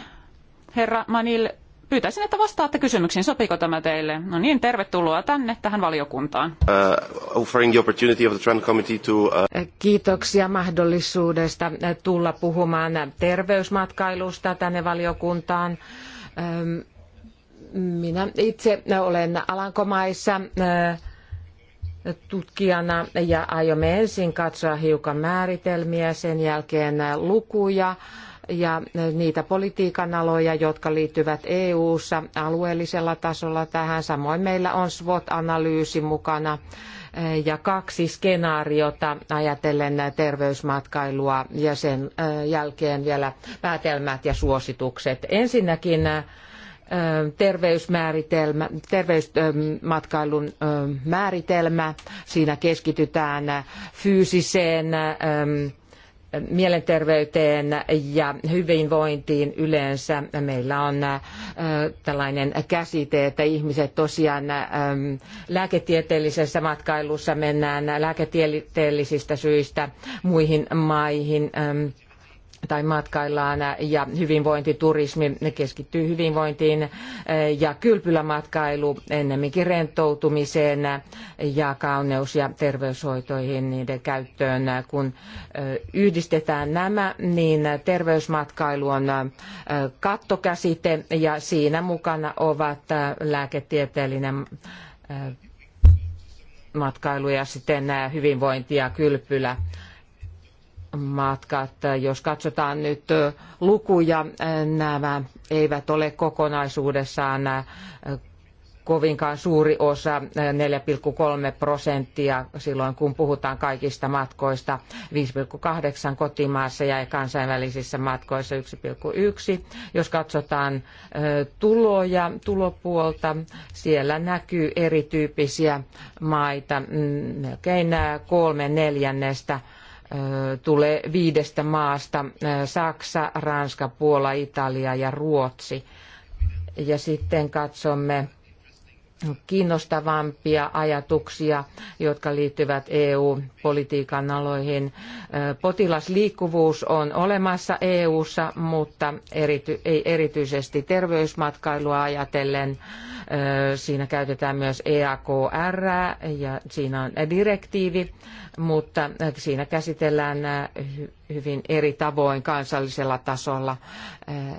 herra Manil, pyytäisin, että vastaatte kysymyksiin. Sopiiko tämä teille? No niin, tervetuloa tänne tähän valiokuntaan. Uh, uh, Kiitoksia mahdollisuudesta tulla puhumaan terveysmatkailusta tänne valiokuntaan. Minä itse olen Alankomaissa äh, tutkijana ja aiomme ensin katsoa hiukan määritelmiä, sen jälkeen lukuja ja niitä politiikan aloja, jotka liittyvät EU-ssa alueellisella tasolla tähän. Samoin meillä on SWOT-analyysi mukana äh, ja kaksi skenaariota ajatellen terveysmatkailua ja sen äh, jälkeen vielä päätelmät ja suositukset. Ensinnäkin terveysmääritelmä, terveysmatkailun määritelmä. Siinä keskitytään fyysiseen mielenterveyteen ja hyvinvointiin yleensä. Meillä on tällainen käsite, että ihmiset tosiaan lääketieteellisessä matkailussa mennään lääketieteellisistä syistä muihin maihin tai matkaillaan ja hyvinvointiturismi keskittyy hyvinvointiin ja kylpylämatkailu ennemminkin rentoutumiseen ja kauneus- ja terveyshoitoihin niiden käyttöön. Kun yhdistetään nämä, niin terveysmatkailu on kattokäsite ja siinä mukana ovat lääketieteellinen matkailu ja sitten hyvinvointi ja kylpylä matkat. Jos katsotaan nyt lukuja, nämä eivät ole kokonaisuudessaan kovinkaan suuri osa, 4,3 prosenttia silloin kun puhutaan kaikista matkoista, 5,8 kotimaassa ja kansainvälisissä matkoissa 1,1. Jos katsotaan tuloja, tulopuolta, siellä näkyy erityyppisiä maita, mm, melkein kolme neljännestä tulee viidestä maasta, Saksa, Ranska, Puola, Italia ja Ruotsi. Ja sitten katsomme kiinnostavampia ajatuksia, jotka liittyvät EU-politiikan aloihin. Potilasliikkuvuus on olemassa EU-ssa, mutta erity, ei erityisesti terveysmatkailua ajatellen. Siinä käytetään myös EAKR ja siinä on direktiivi, mutta siinä käsitellään hyvin eri tavoin kansallisella tasolla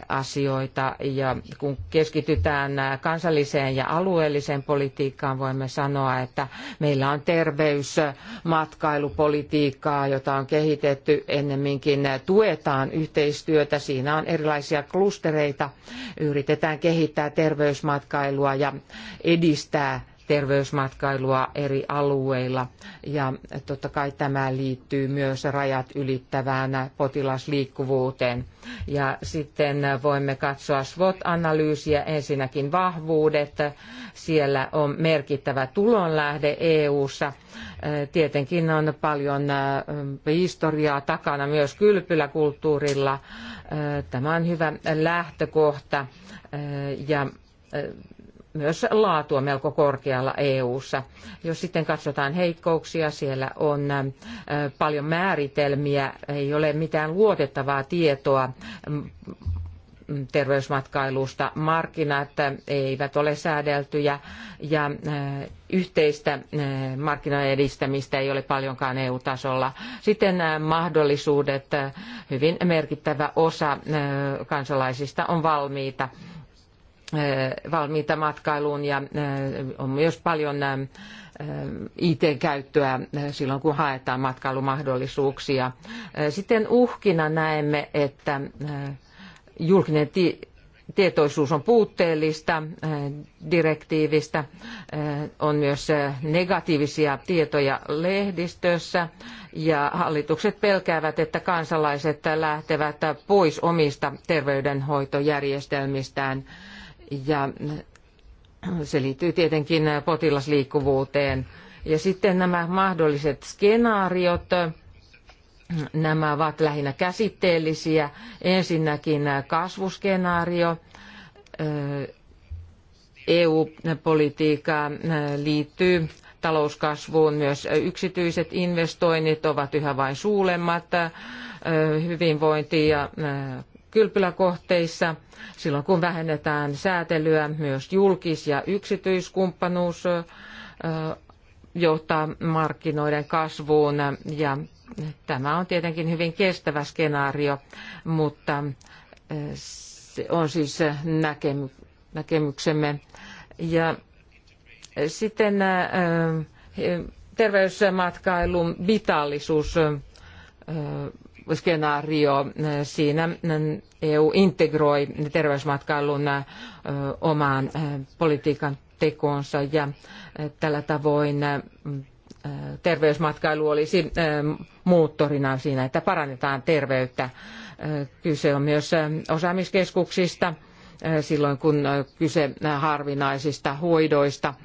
asioita. Ja kun keskitytään kansalliseen ja alueelliseen politiikkaan, voimme sanoa, että meillä on terveysmatkailupolitiikkaa, jota on kehitetty ennemminkin. Tuetaan yhteistyötä, siinä on erilaisia klustereita, yritetään kehittää terveysmatkailua ja edistää terveysmatkailua eri alueilla. Ja totta kai tämä liittyy myös rajat ylittävään potilasliikkuvuuteen. Ja sitten voimme katsoa SWOT-analyysiä, ensinnäkin vahvuudet. Siellä on merkittävä tulonlähde EU-ssa. Tietenkin on paljon historiaa takana myös kylpyläkulttuurilla. Tämä on hyvä lähtökohta ja myös laatua melko korkealla EU:ssa. Jos sitten katsotaan heikkouksia, siellä on paljon määritelmiä, ei ole mitään luotettavaa tietoa terveysmatkailusta. Markkinat eivät ole säädeltyjä ja yhteistä markkinoiden edistämistä ei ole paljonkaan EU-tasolla. Sitten mahdollisuudet, hyvin merkittävä osa kansalaisista on valmiita valmiita matkailuun ja on myös paljon IT-käyttöä silloin, kun haetaan matkailumahdollisuuksia. Sitten uhkina näemme, että julkinen tietoisuus on puutteellista direktiivistä. On myös negatiivisia tietoja lehdistössä ja hallitukset pelkäävät, että kansalaiset lähtevät pois omista terveydenhoitojärjestelmistään ja se liittyy tietenkin potilasliikkuvuuteen. Ja sitten nämä mahdolliset skenaariot, nämä ovat lähinnä käsitteellisiä. Ensinnäkin kasvuskenaario, EU-politiikka liittyy talouskasvuun. Myös yksityiset investoinnit ovat yhä vain suulemmat, Hyvinvointi ja kylpyläkohteissa, silloin kun vähennetään säätelyä, myös julkis- ja yksityiskumppanuus johtaa markkinoiden kasvuun ja tämä on tietenkin hyvin kestävä skenaario, mutta se on siis näkemyksemme. Ja sitten terveysmatkailun vitaalisuus skenaario. Eh, siinä EU eh, e integroi terveysmatkailun eh, omaan politiikan tekoonsa ja tällä tavoin terveysmatkailu olisi moottorina siinä, että parannetaan terveyttä. Kyse on myös osaamiskeskuksista silloin, kun kyse harvinaisista hoidoista –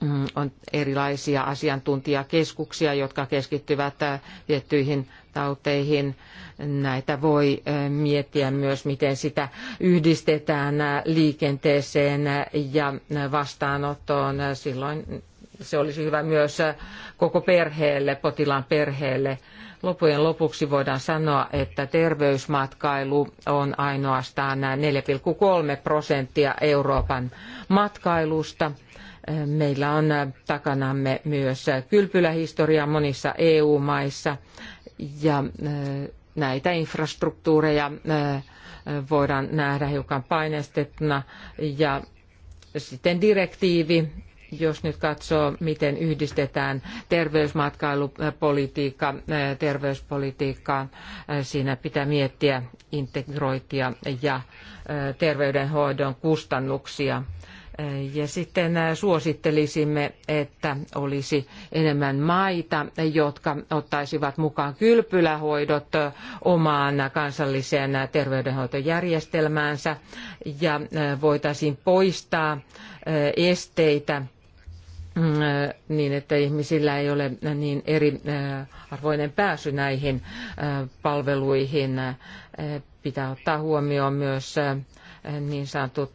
Mm, on erilaisia asiantuntijakeskuksia, jotka keskittyvät äh, tiettyihin tauteihin. Näitä voi äh, miettiä myös, miten sitä yhdistetään äh, liikenteeseen ja vastaanottoon. Silloin se olisi hyvä myös koko perheelle, potilaan perheelle. Lopujen lopuksi voidaan sanoa, että terveysmatkailu on ainoastaan 4,3 prosenttia Euroopan matkailusta – Meillä on takanamme myös kylpylähistoria monissa EU-maissa ja äh, näitä infrastruktuureja äh, voidaan nähdä hiukan painestettuna. Ja sitten direktiivi, jos nyt katsoo, miten yhdistetään terveysmatkailupolitiikka äh, terveyspolitiikkaan, siinä pitää miettiä integroitia ja terveydenhoidon kustannuksia ja sitten äh, suosittelisimme, että olisi enemmän maita, jotka ottaisivat mukaan kylpylähoidot äh, omaan kansalliseen terveydenhoitojärjestelmäänsä ja äh, voitaisiin poistaa esteitä mm, niin, että ihmisillä ei ole niin eri arvoinen pääsy näihin palveluihin. Pitää ottaa huomioon myös niin sanotut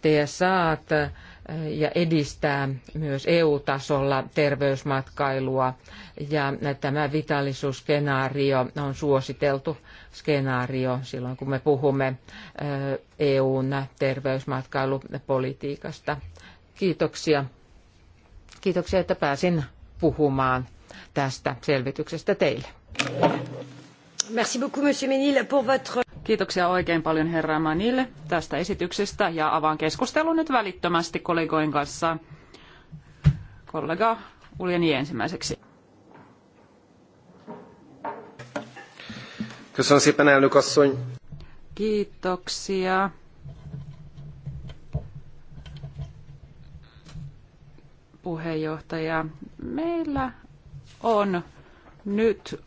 TSAt eh, ja edistää myös EU-tasolla terveysmatkailua. Ja tämä vitalisuusskenaario on suositeltu skenaario silloin, kun me puhumme EUn eh, e terveysmatkailupolitiikasta. Kiitoksia. Kiitoksia, että pääsin puhumaan tästä selvityksestä teille. Merci beaucoup, Monsieur Menil, pour votre... Kiitoksia oikein paljon herra Manille tästä esityksestä ja avaan keskustelun nyt välittömästi kollegojen kanssa. Kollega Uljani ensimmäiseksi. Kiitoksia. Puheenjohtaja, meillä on nyt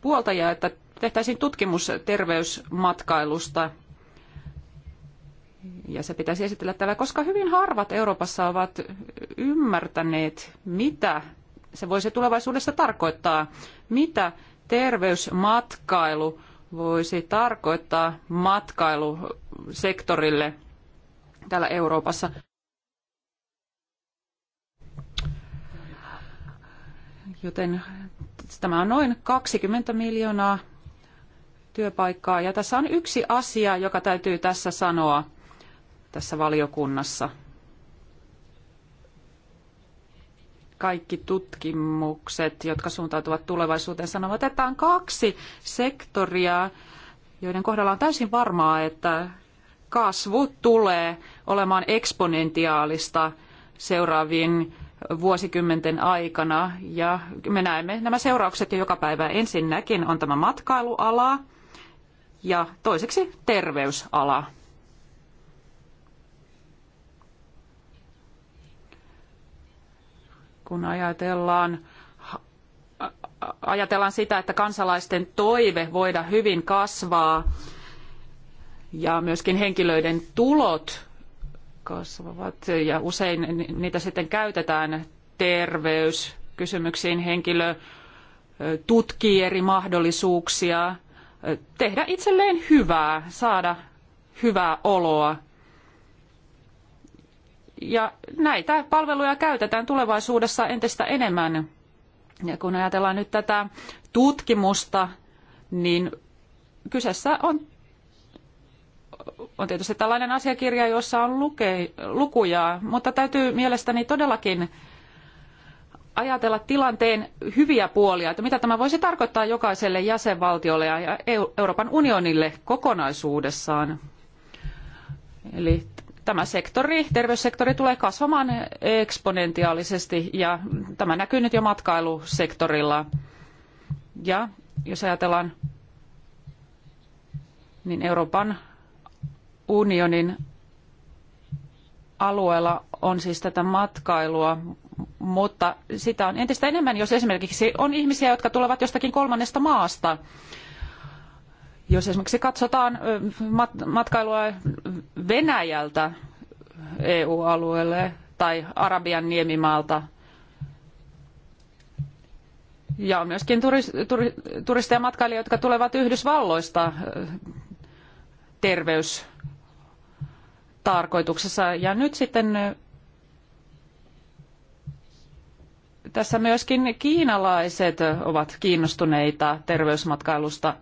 puoltajia että tehtäisiin tutkimus terveysmatkailusta. Ja se pitäisi esitellä täällä, koska hyvin harvat Euroopassa ovat ymmärtäneet, mitä se voisi tulevaisuudessa tarkoittaa. Mitä terveysmatkailu voisi tarkoittaa matkailusektorille täällä Euroopassa? Joten tämä on noin 20 miljoonaa työpaikkaa. Ja tässä on yksi asia, joka täytyy tässä sanoa tässä valiokunnassa. Kaikki tutkimukset, jotka suuntautuvat tulevaisuuteen, sanovat, että on kaksi sektoria, joiden kohdalla on täysin varmaa, että kasvu tulee olemaan eksponentiaalista seuraavien vuosikymmenten aikana. Ja me näemme nämä seuraukset jo joka päivä. Ensinnäkin on tämä matkailuala, ja toiseksi terveysala. Kun ajatellaan, ajatellaan sitä, että kansalaisten toive voida hyvin kasvaa ja myöskin henkilöiden tulot kasvavat ja usein niitä sitten käytetään terveyskysymyksiin. Henkilö tutkii eri mahdollisuuksia tehdä itselleen hyvää, saada hyvää oloa. Ja näitä palveluja käytetään tulevaisuudessa entistä enemmän. Ja kun ajatellaan nyt tätä tutkimusta, niin kyseessä on, on tietysti tällainen asiakirja, jossa on luke, lukuja, mutta täytyy mielestäni todellakin ajatella tilanteen hyviä puolia, että mitä tämä voisi tarkoittaa jokaiselle jäsenvaltiolle ja Euroopan unionille kokonaisuudessaan. Eli tämä sektori, terveyssektori tulee kasvamaan eksponentiaalisesti ja tämä näkyy nyt jo matkailusektorilla. Ja jos ajatellaan, niin Euroopan unionin alueella on siis tätä matkailua, mutta sitä on entistä enemmän, jos esimerkiksi on ihmisiä, jotka tulevat jostakin kolmannesta maasta. Jos esimerkiksi katsotaan matkailua Venäjältä EU-alueelle tai Arabian niemimaalta, ja on myöskin turisteja ja matkailijoita, jotka tulevat Yhdysvalloista terveystarkoituksessa. Ja nyt sitten Tässä myöskin kiinalaiset ovat kiinnostuneita terveysmatkailusta.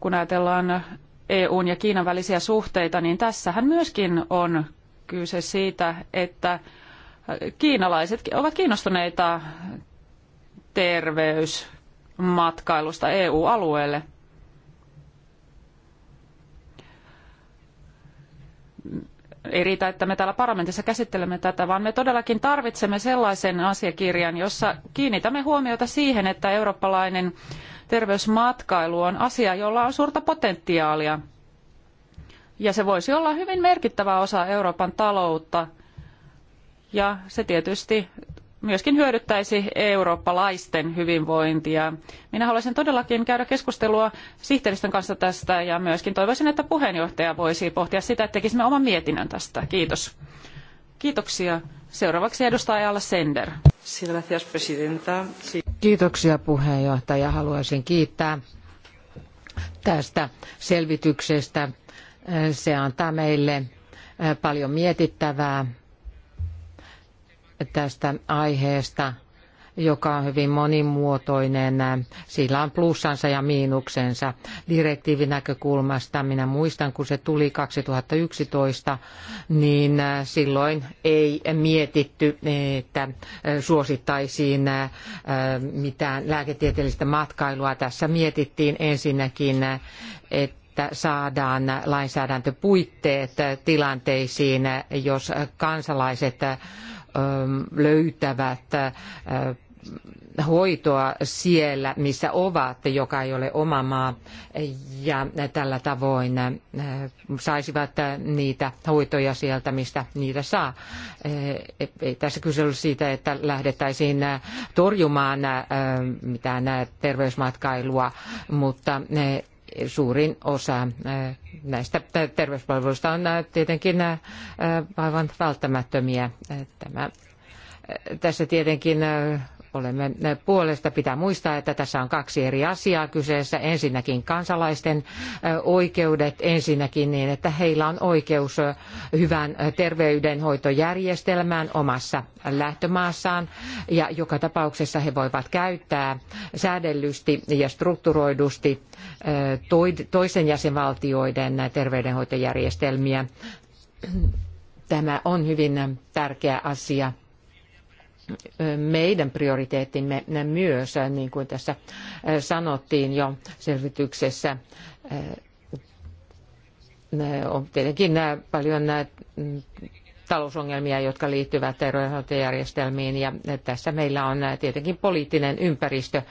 Kun ajatellaan EUn ja Kiinan välisiä suhteita, niin tässähän myöskin on kyse siitä, että kiinalaiset ovat kiinnostuneita terveysmatkailusta EU-alueelle. ei riitä, että me täällä parlamentissa käsittelemme tätä, vaan me todellakin tarvitsemme sellaisen asiakirjan, jossa kiinnitämme huomiota siihen, että eurooppalainen terveysmatkailu on asia, jolla on suurta potentiaalia. Ja se voisi olla hyvin merkittävä osa Euroopan taloutta. Ja se tietysti myöskin hyödyttäisi eurooppalaisten hyvinvointia. Minä haluaisin todellakin käydä keskustelua sihteeristön kanssa tästä ja myöskin toivoisin, että puheenjohtaja voisi pohtia sitä, että tekisimme oman mietinnön tästä. Kiitos. Kiitoksia. Seuraavaksi edustaja Sender. Kiitoksia puheenjohtaja. Haluaisin kiittää tästä selvityksestä. Se antaa meille eh, paljon mietittävää tästä aiheesta, joka on hyvin monimuotoinen. Sillä on plussansa ja miinuksensa. Direktiivin näkökulmasta minä muistan, kun se tuli 2011, niin silloin ei mietitty, että suosittaisiin mitään lääketieteellistä matkailua. Tässä mietittiin ensinnäkin, että että saadaan lainsäädäntöpuitteet tilanteisiin, jos kansalaiset Ähm, löytävät äh, hoitoa siellä, missä ovat, joka ei ole oma maa, ja tällä tavoin äh, saisivat niitä hoitoja sieltä, mistä niitä saa. Äh, ei tässä kyse ole siitä, että lähdettäisiin torjumaan mitään terveysmatkailua, mutta suurin osa näistä terveyspalveluista on tietenkin aivan välttämättömiä. Tämä, tässä tietenkin olemme puolesta. Pitää muistaa, että tässä on kaksi eri asiaa kyseessä. Ensinnäkin kansalaisten oikeudet, ensinnäkin niin, että heillä on oikeus hyvään terveydenhoitojärjestelmään omassa lähtömaassaan ja joka tapauksessa he voivat käyttää säädellysti ja strukturoidusti toisen jäsenvaltioiden terveydenhoitojärjestelmiä. Tämä on hyvin tärkeä asia meidän prioriteettimme myös, niin kuin tässä sanottiin jo selvityksessä, on tietenkin paljon talousongelmia, jotka liittyvät terveydenhoitojärjestelmiin ja tässä meillä on tietenkin poliittinen ympäristö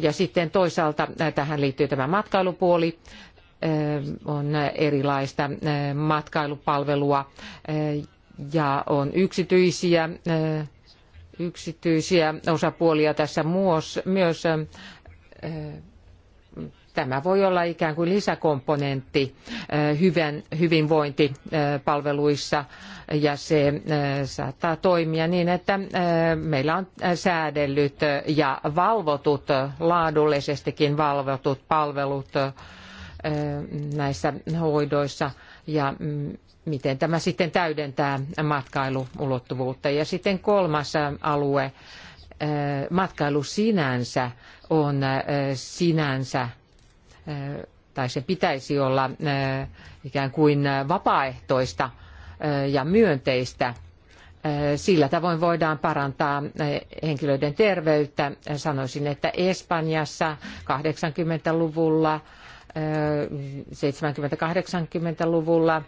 ja sitten toisaalta tähän liittyy tämä matkailupuoli, on erilaista matkailupalvelua ja on yksityisiä, äh, yksityisiä osapuolia tässä myös. Äh, tämä voi olla ikään kuin lisäkomponentti äh, hyvän, hyvinvointipalveluissa ja se saattaa toimia niin, että meillä on säädellyt ja valvotut, laadullisestikin valvotut palvelut näissä hoidoissa ja mm, miten tämä sitten täydentää matkailuulottuvuutta. Ja sitten kolmas alue, eh, matkailu sinänsä on eh, sinänsä, eh, tai se pitäisi olla ikään kuin vapaaehtoista ja myönteistä. Sillä tavoin voidaan parantaa henkilöiden terveyttä. Sanoisin, että Espanjassa 80-luvulla 70-80-luvulla,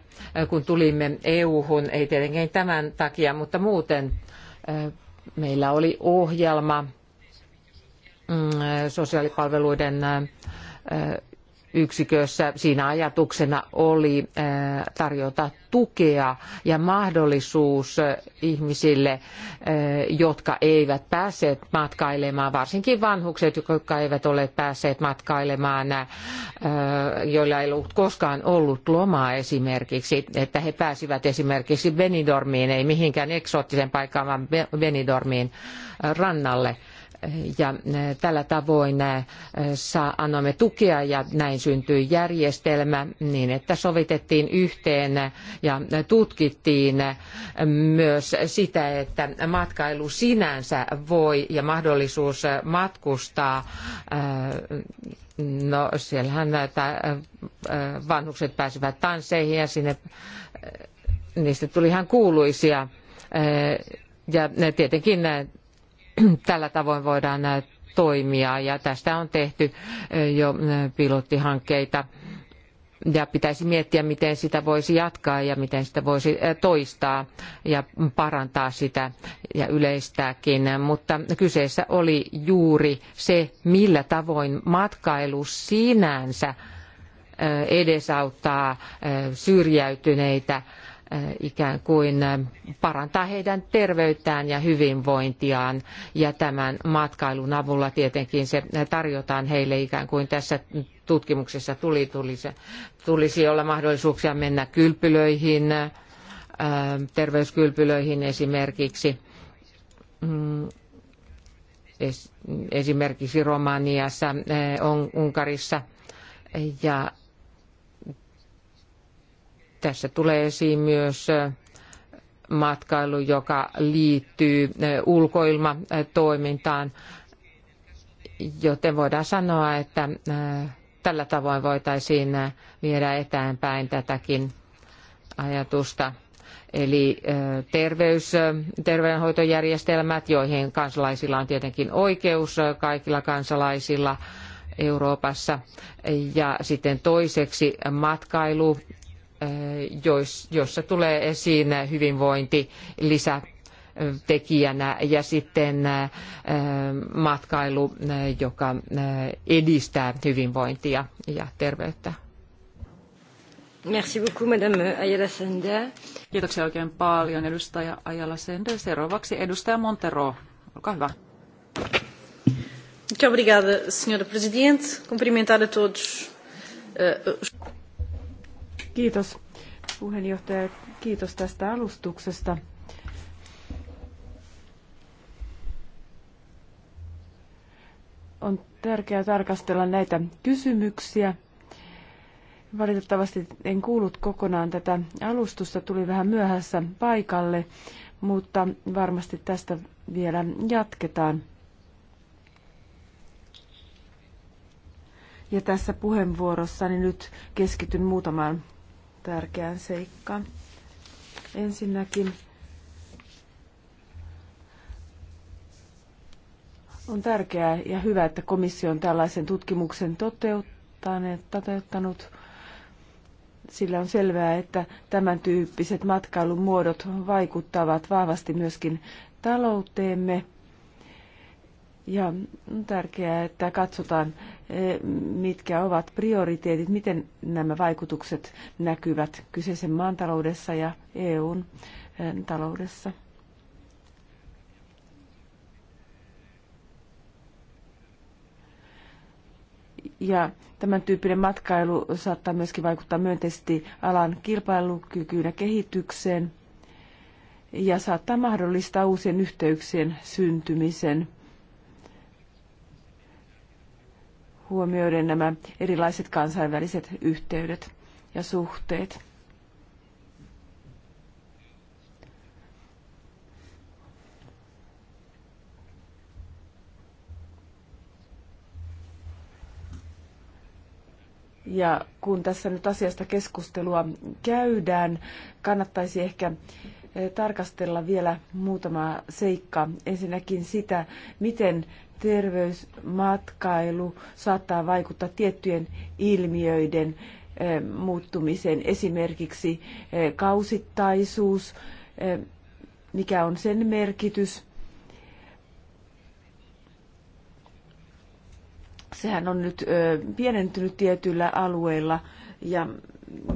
kun tulimme EU-hun, ei tietenkään tämän takia, mutta muuten meillä oli ohjelma mm, sosiaalipalveluiden yksikössä. Siinä ajatuksena oli tarjota tukea ja mahdollisuus ihmisille, jotka eivät päässeet matkailemaan, varsinkin vanhukset, jotka eivät ole päässeet matkailemaan, joilla ei ollut koskaan ollut lomaa esimerkiksi, että he pääsivät esimerkiksi Benidormiin, ei mihinkään eksoottiseen paikkaan, vaan Benidormiin rannalle – ja e, tällä tavoin e, annoimme tukea ja näin syntyi järjestelmä niin, että sovitettiin yhteen ja tutkittiin myös sitä, että matkailu sinänsä voi ja mahdollisuus matkustaa e, No siellähän näitä vanhukset pääsivät tansseihin ja sinne, niistä tuli ihan kuuluisia. Ja tietenkin tällä tavoin voidaan toimia ja tästä on tehty jo pilottihankkeita ja pitäisi miettiä, miten sitä voisi jatkaa ja miten sitä voisi toistaa ja parantaa sitä ja yleistääkin. Mutta kyseessä oli juuri se, millä tavoin matkailu sinänsä edesauttaa syrjäytyneitä Eh, ikään kuin eh, parantaa heidän terveyttään ja hyvinvointiaan. Ja tämän matkailun avulla tietenkin se eh, tarjotaan heille ikään kuin tässä tutkimuksessa tuli, tulisi, tulisi olla mahdollisuuksia mennä kylpylöihin, terveyskylpylöihin esimerkiksi. Mm, esimerkiksi Romaniassa, Unkarissa ja tässä tulee esiin myös äh, matkailu, joka liittyy äh, ulkoilmatoimintaan, joten voidaan sanoa, että äh, tällä tavoin voitaisiin viedä eteenpäin tätäkin ajatusta. Eli terveys, terveydenhoitojärjestelmät, joihin kansalaisilla on tietenkin oikeus kaikilla kansalaisilla Euroopassa. Ja sitten toiseksi matkailu, joissa tulee esiin hyvinvointi lisä tekijänä ja sitten matkailu, joka edistää hyvinvointia ja terveyttä. Merci beaucoup, Madame Ayala Sender. Kiitoksia oikein paljon, edustaja Ayala Sender. Seuraavaksi edustaja Montero. Olkaa hyvä. Muito obrigada, senhora Presidente. Cumprimentar a todos. Eh, Kiitos puheenjohtaja, kiitos tästä alustuksesta. On tärkeää tarkastella näitä kysymyksiä. Valitettavasti en kuullut kokonaan tätä alustusta, tuli vähän myöhässä paikalle, mutta varmasti tästä vielä jatketaan. Ja tässä puheenvuorossani nyt keskityn muutamaan tärkeään seikkaan. Ensinnäkin on tärkeää ja hyvä, että komissio on tällaisen tutkimuksen toteuttanut. Sillä on selvää, että tämän tyyppiset matkailun muodot vaikuttavat vahvasti myöskin talouteemme. Ja on tärkeää, että katsotaan, eh, mitkä ovat prioriteetit, miten nämä vaikutukset näkyvät kyseisen maan taloudessa ja EUn eh, taloudessa. Ja tämän tyyppinen matkailu saattaa myöskin vaikuttaa myönteisesti alan kilpailukykyyn ja kehitykseen ja saattaa mahdollistaa uusien yhteyksien syntymisen – huomioiden nämä erilaiset kansainväliset yhteydet ja suhteet. Ja kun tässä nyt asiasta keskustelua käydään, kannattaisi ehkä eh, tarkastella vielä muutama seikka. Ensinnäkin sitä, miten terveysmatkailu saattaa vaikuttaa tiettyjen ilmiöiden eh, muuttumiseen, esimerkiksi eh, kausittaisuus, eh, mikä on sen merkitys. Sehän on nyt pienentynyt tietyillä alueilla ja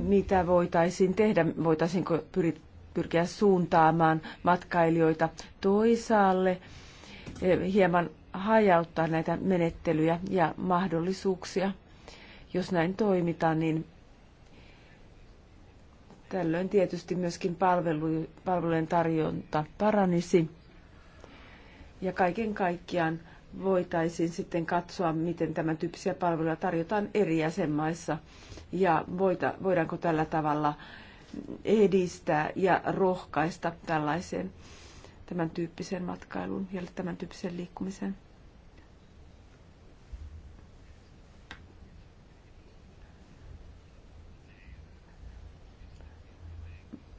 mitä voitaisiin tehdä, voitaisiinko pyrkiä suuntaamaan matkailijoita toisaalle hieman hajauttaa näitä menettelyjä ja mahdollisuuksia. Jos näin toimitaan, niin tällöin tietysti myöskin palvelu, palvelujen tarjonta paranisi. Ja kaiken kaikkiaan voitaisiin sitten katsoa, miten tämän tyyppisiä palveluja tarjotaan eri jäsenmaissa ja voita, voidaanko tällä tavalla edistää ja rohkaista tällaiseen tämän tyyppisen matkailun ja tämän tyyppiseen liikkumiseen.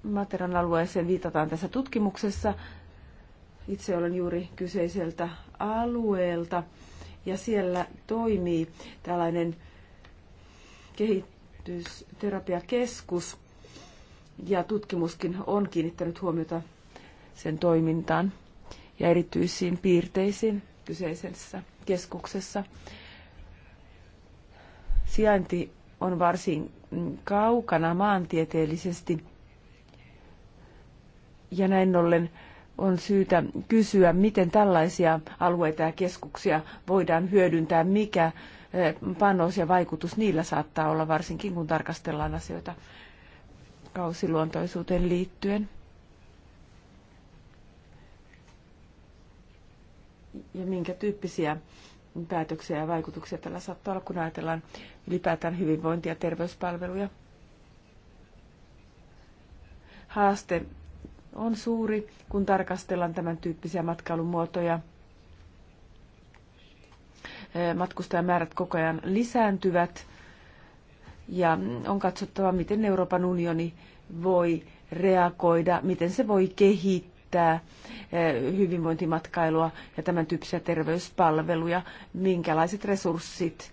Materan alueeseen viitataan tässä tutkimuksessa. Itse olen juuri kyseiseltä alueelta ja siellä toimii tällainen kehitysterapiakeskus ja tutkimuskin on kiinnittänyt huomiota sen toimintaan ja erityisiin piirteisiin kyseisessä keskuksessa. Sijainti on varsin kaukana maantieteellisesti ja näin ollen on syytä kysyä, miten tällaisia alueita ja keskuksia voidaan hyödyntää, mikä eh, panos ja vaikutus niillä saattaa olla, varsinkin kun tarkastellaan asioita kausiluontoisuuteen liittyen. Ja minkä tyyppisiä päätöksiä ja vaikutuksia tällä saattaa olla, kun ajatellaan ylipäätään hyvinvointia ja terveyspalveluja. Haaste on suuri, kun tarkastellaan tämän tyyppisiä matkailumuotoja. Matkustajamäärät koko ajan lisääntyvät ja on katsottava, miten Euroopan unioni voi reagoida, miten se voi kehittää hyvinvointimatkailua ja tämän tyyppisiä terveyspalveluja, minkälaiset resurssit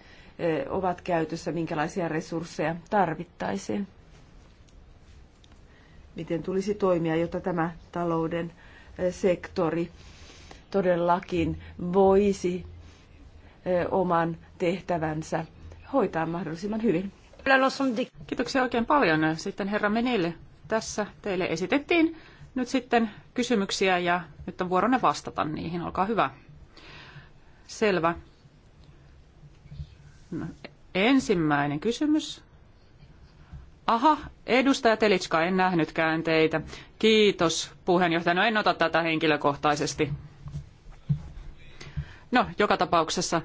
ovat käytössä, minkälaisia resursseja tarvittaisiin miten tulisi toimia, jotta tämä talouden eh, sektori todellakin voisi eh, oman tehtävänsä hoitaa mahdollisimman hyvin. Kiitoksia oikein paljon sitten herra Menille. Tässä teille esitettiin nyt sitten kysymyksiä ja nyt on vuoronne vastata niihin. Olkaa hyvä. Selvä. No, ensimmäinen kysymys Aha, edustaja Telitska, en nähnytkään teitä. Kiitos puheenjohtaja. No en ota tätä henkilökohtaisesti. No, joka tapauksessa.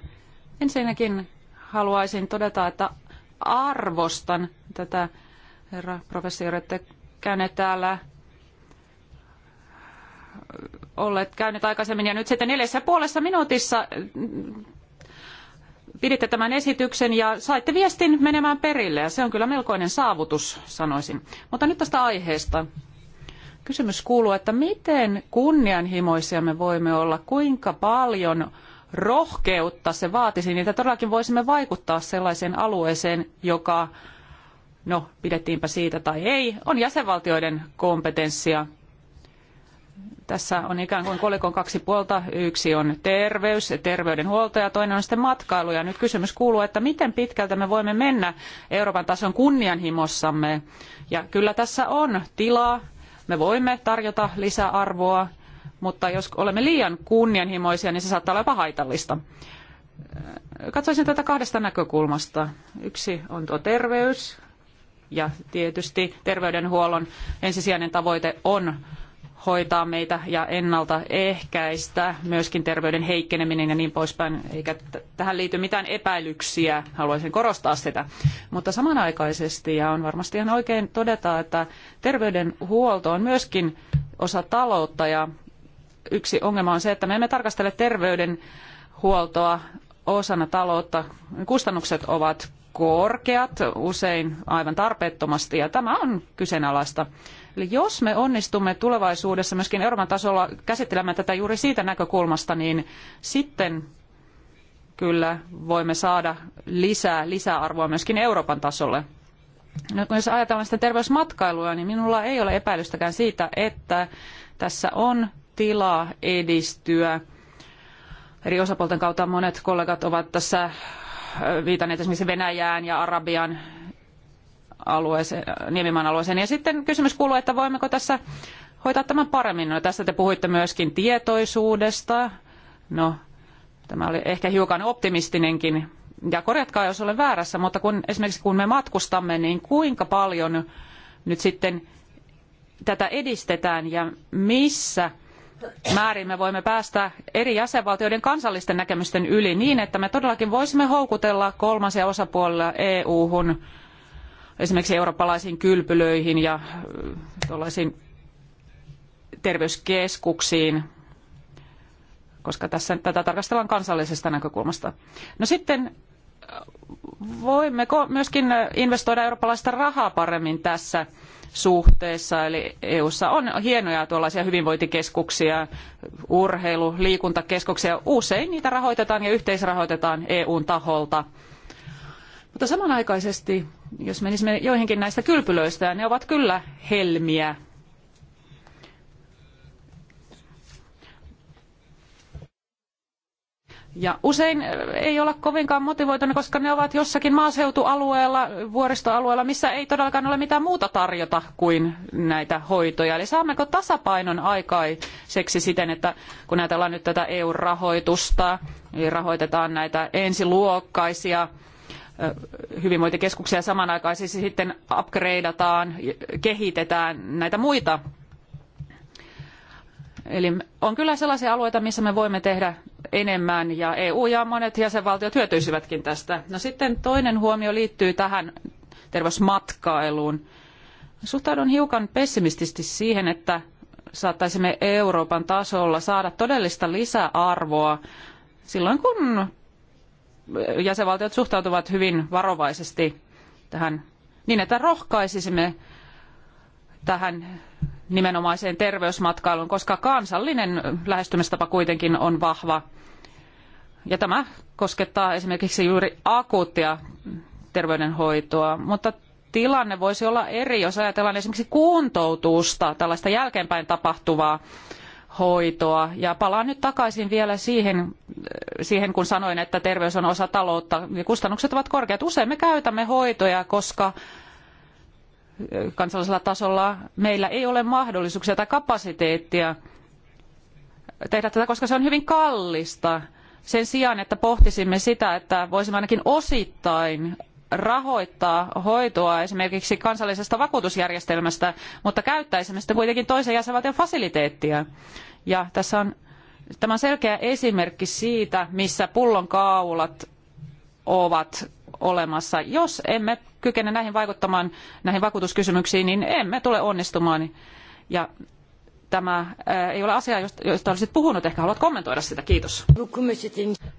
Ensinnäkin haluaisin todeta, että arvostan tätä herra professori, että käyneet täällä olleet käyneet aikaisemmin ja nyt sitten neljässä puolessa minuutissa piditte tämän esityksen ja saitte viestin menemään perille ja se on kyllä melkoinen saavutus, sanoisin. Mutta nyt tästä aiheesta. Kysymys kuuluu, että miten kunnianhimoisia me voimme olla, kuinka paljon rohkeutta se vaatisi, niin että todellakin voisimme vaikuttaa sellaiseen alueeseen, joka, no pidettiinpä siitä tai ei, on jäsenvaltioiden kompetenssia tässä on ikään kuin kolikon kaksi puolta. Yksi on terveys, terveydenhuolto ja toinen on sitten matkailu. Ja nyt kysymys kuuluu, että miten pitkältä me voimme mennä Euroopan tason kunnianhimossamme. Ja kyllä tässä on tilaa. Me voimme tarjota lisäarvoa, mutta jos olemme liian kunnianhimoisia, niin se saattaa olla jopa haitallista. Katsoisin tätä kahdesta näkökulmasta. Yksi on tuo terveys, ja tietysti terveydenhuollon ensisijainen tavoite on hoitaa meitä ja ennaltaehkäistä myöskin terveyden heikkeneminen ja niin poispäin, eikä tähän liity mitään epäilyksiä, haluaisin korostaa sitä. Mutta samanaikaisesti, ja on varmasti ihan oikein todeta, että terveydenhuolto on myöskin osa taloutta ja yksi ongelma on se, että me emme tarkastele terveydenhuoltoa osana taloutta. Kustannukset ovat korkeat, usein aivan tarpeettomasti ja tämä on kyseenalaista. Eli jos me onnistumme tulevaisuudessa myöskin Euroopan tasolla käsittelemään tätä juuri siitä näkökulmasta, niin sitten kyllä voimme saada lisää lisäarvoa myöskin Euroopan tasolle. No, kun jos ajatellaan sitä terveysmatkailua, niin minulla ei ole epäilystäkään siitä, että tässä on tilaa edistyä. Eri osapuolten kautta monet kollegat ovat tässä äh, viitanneet esimerkiksi Venäjään ja Arabian alueeseen, Niemimaan alueeseen. Ja sitten kysymys kuuluu, että voimmeko tässä hoitaa tämän paremmin. No, tästä te puhuitte myöskin tietoisuudesta. No, tämä oli ehkä hiukan optimistinenkin. Ja korjatkaa, jos olen väärässä, mutta kun, esimerkiksi kun me matkustamme, niin kuinka paljon nyt sitten tätä edistetään ja missä määrin me voimme päästä eri jäsenvaltioiden kansallisten näkemysten yli niin, että me todellakin voisimme houkutella kolmansia osapuolia EU-hun esimerkiksi eurooppalaisiin kylpylöihin ja tuollaisiin terveyskeskuksiin, koska tässä tätä tarkastellaan kansallisesta näkökulmasta. No sitten voimmeko myöskin investoida eurooppalaista rahaa paremmin tässä suhteessa? Eli EU:ssa on hienoja tuollaisia hyvinvointikeskuksia, urheilu, liikuntakeskuksia. Usein niitä rahoitetaan ja yhteisrahoitetaan EUn taholta. Mutta samanaikaisesti jos menisimme joihinkin näistä kylpylöistä, ne ovat kyllä helmiä. Ja usein äh, ei olla kovinkaan motivoituneita, koska ne ovat jossakin maaseutualueella, vuoristoalueella, missä ei todellakaan ole mitään muuta tarjota kuin näitä hoitoja. Eli saammeko tasapainon aikaiseksi siten, että kun ajatellaan nyt tätä EU-rahoitusta, eli niin rahoitetaan näitä ensiluokkaisia hyvinvointikeskuksia samanaikaisesti sitten upgradeataan, kehitetään näitä muita. Eli on kyllä sellaisia alueita, missä me voimme tehdä enemmän ja EU ja monet jäsenvaltiot hyötyisivätkin tästä. No sitten toinen huomio liittyy tähän terveysmatkailuun. Suhtaudun hiukan pessimistisesti siihen, että saattaisimme Euroopan tasolla saada todellista lisäarvoa silloin, kun jäsenvaltiot suhtautuvat hyvin varovaisesti tähän niin, että rohkaisisimme tähän nimenomaiseen terveysmatkailuun, koska kansallinen lähestymistapa kuitenkin on vahva. Ja tämä koskettaa esimerkiksi juuri akuuttia terveydenhoitoa, mutta tilanne voisi olla eri, jos ajatellaan esimerkiksi kuntoutusta, tällaista jälkeenpäin tapahtuvaa hoitoa. Ja palaan nyt takaisin vielä siihen, siihen, kun sanoin, että terveys on osa taloutta. Kustannukset ovat korkeat. Usein me käytämme hoitoja, koska kansallisella tasolla meillä ei ole mahdollisuuksia tai kapasiteettia tehdä tätä, koska se on hyvin kallista. Sen sijaan, että pohtisimme sitä, että voisimme ainakin osittain rahoittaa hoitoa esimerkiksi kansallisesta vakuutusjärjestelmästä, mutta käyttäisimme sitten kuitenkin toisen jäsenvaltion fasiliteettia. Ja tässä on, tämä on selkeä esimerkki siitä, missä pullonkaulat ovat olemassa. Jos emme kykene näihin vaikuttamaan, näihin vakuutuskysymyksiin, niin emme tule onnistumaan. Ja tämä ei ole asia, josta olisit puhunut. Ehkä haluat kommentoida sitä. Kiitos.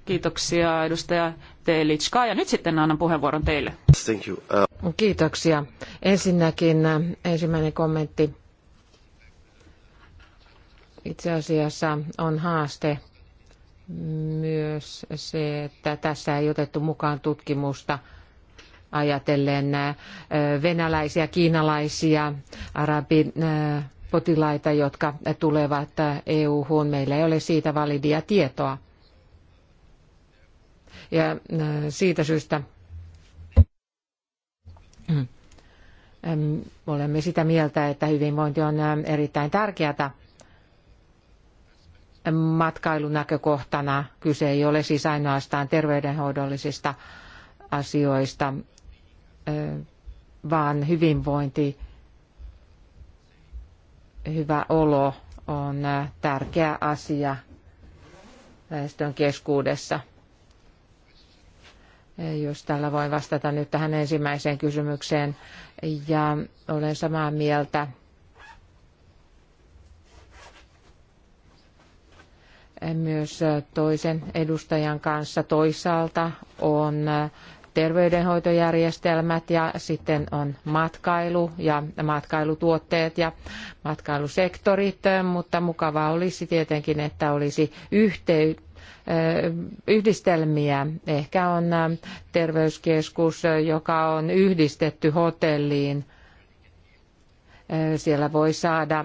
Kiitoksia edustaja Telitska. Ja nyt sitten annan puheenvuoron teille. Uh, Kiitoksia. Ensinnäkin ensimmäinen kommentti itse asiassa on haaste myös se, että tässä ei otettu mukaan tutkimusta ajatellen äh, venäläisiä, kiinalaisia, arabin äh, potilaita, jotka tulevat äh, EU-hun. Meillä ei ole siitä validia tietoa. Ja siitä syystä mm, olemme sitä mieltä, että hyvinvointi on erittäin tärkeää matkailunäkökohtana. Kyse ei ole siis ainoastaan terveydenhoidollisista asioista, vaan hyvinvointi, hyvä olo on tärkeä asia väestön keskuudessa. Jos tällä voin vastata nyt tähän ensimmäiseen kysymykseen. Ja olen samaa mieltä myös toisen edustajan kanssa. Toisaalta on terveydenhoitojärjestelmät ja sitten on matkailu ja matkailutuotteet ja matkailusektorit, mutta mukavaa olisi tietenkin, että olisi yhteyttä yhdistelmiä. Ehkä on terveyskeskus, joka on yhdistetty hotelliin. Siellä voi saada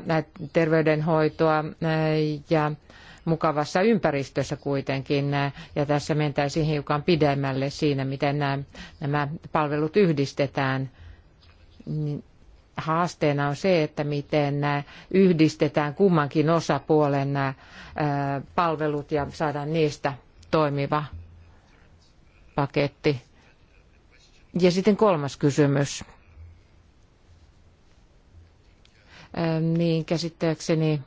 terveydenhoitoa ja mukavassa ympäristössä kuitenkin. Ja tässä mentäisiin hiukan pidemmälle siinä, miten nämä palvelut yhdistetään niin haasteena on se, että miten yhdistetään kummankin osapuolen palvelut ja saadaan niistä toimiva paketti. Ja sitten kolmas kysymys. Niin, käsittääkseni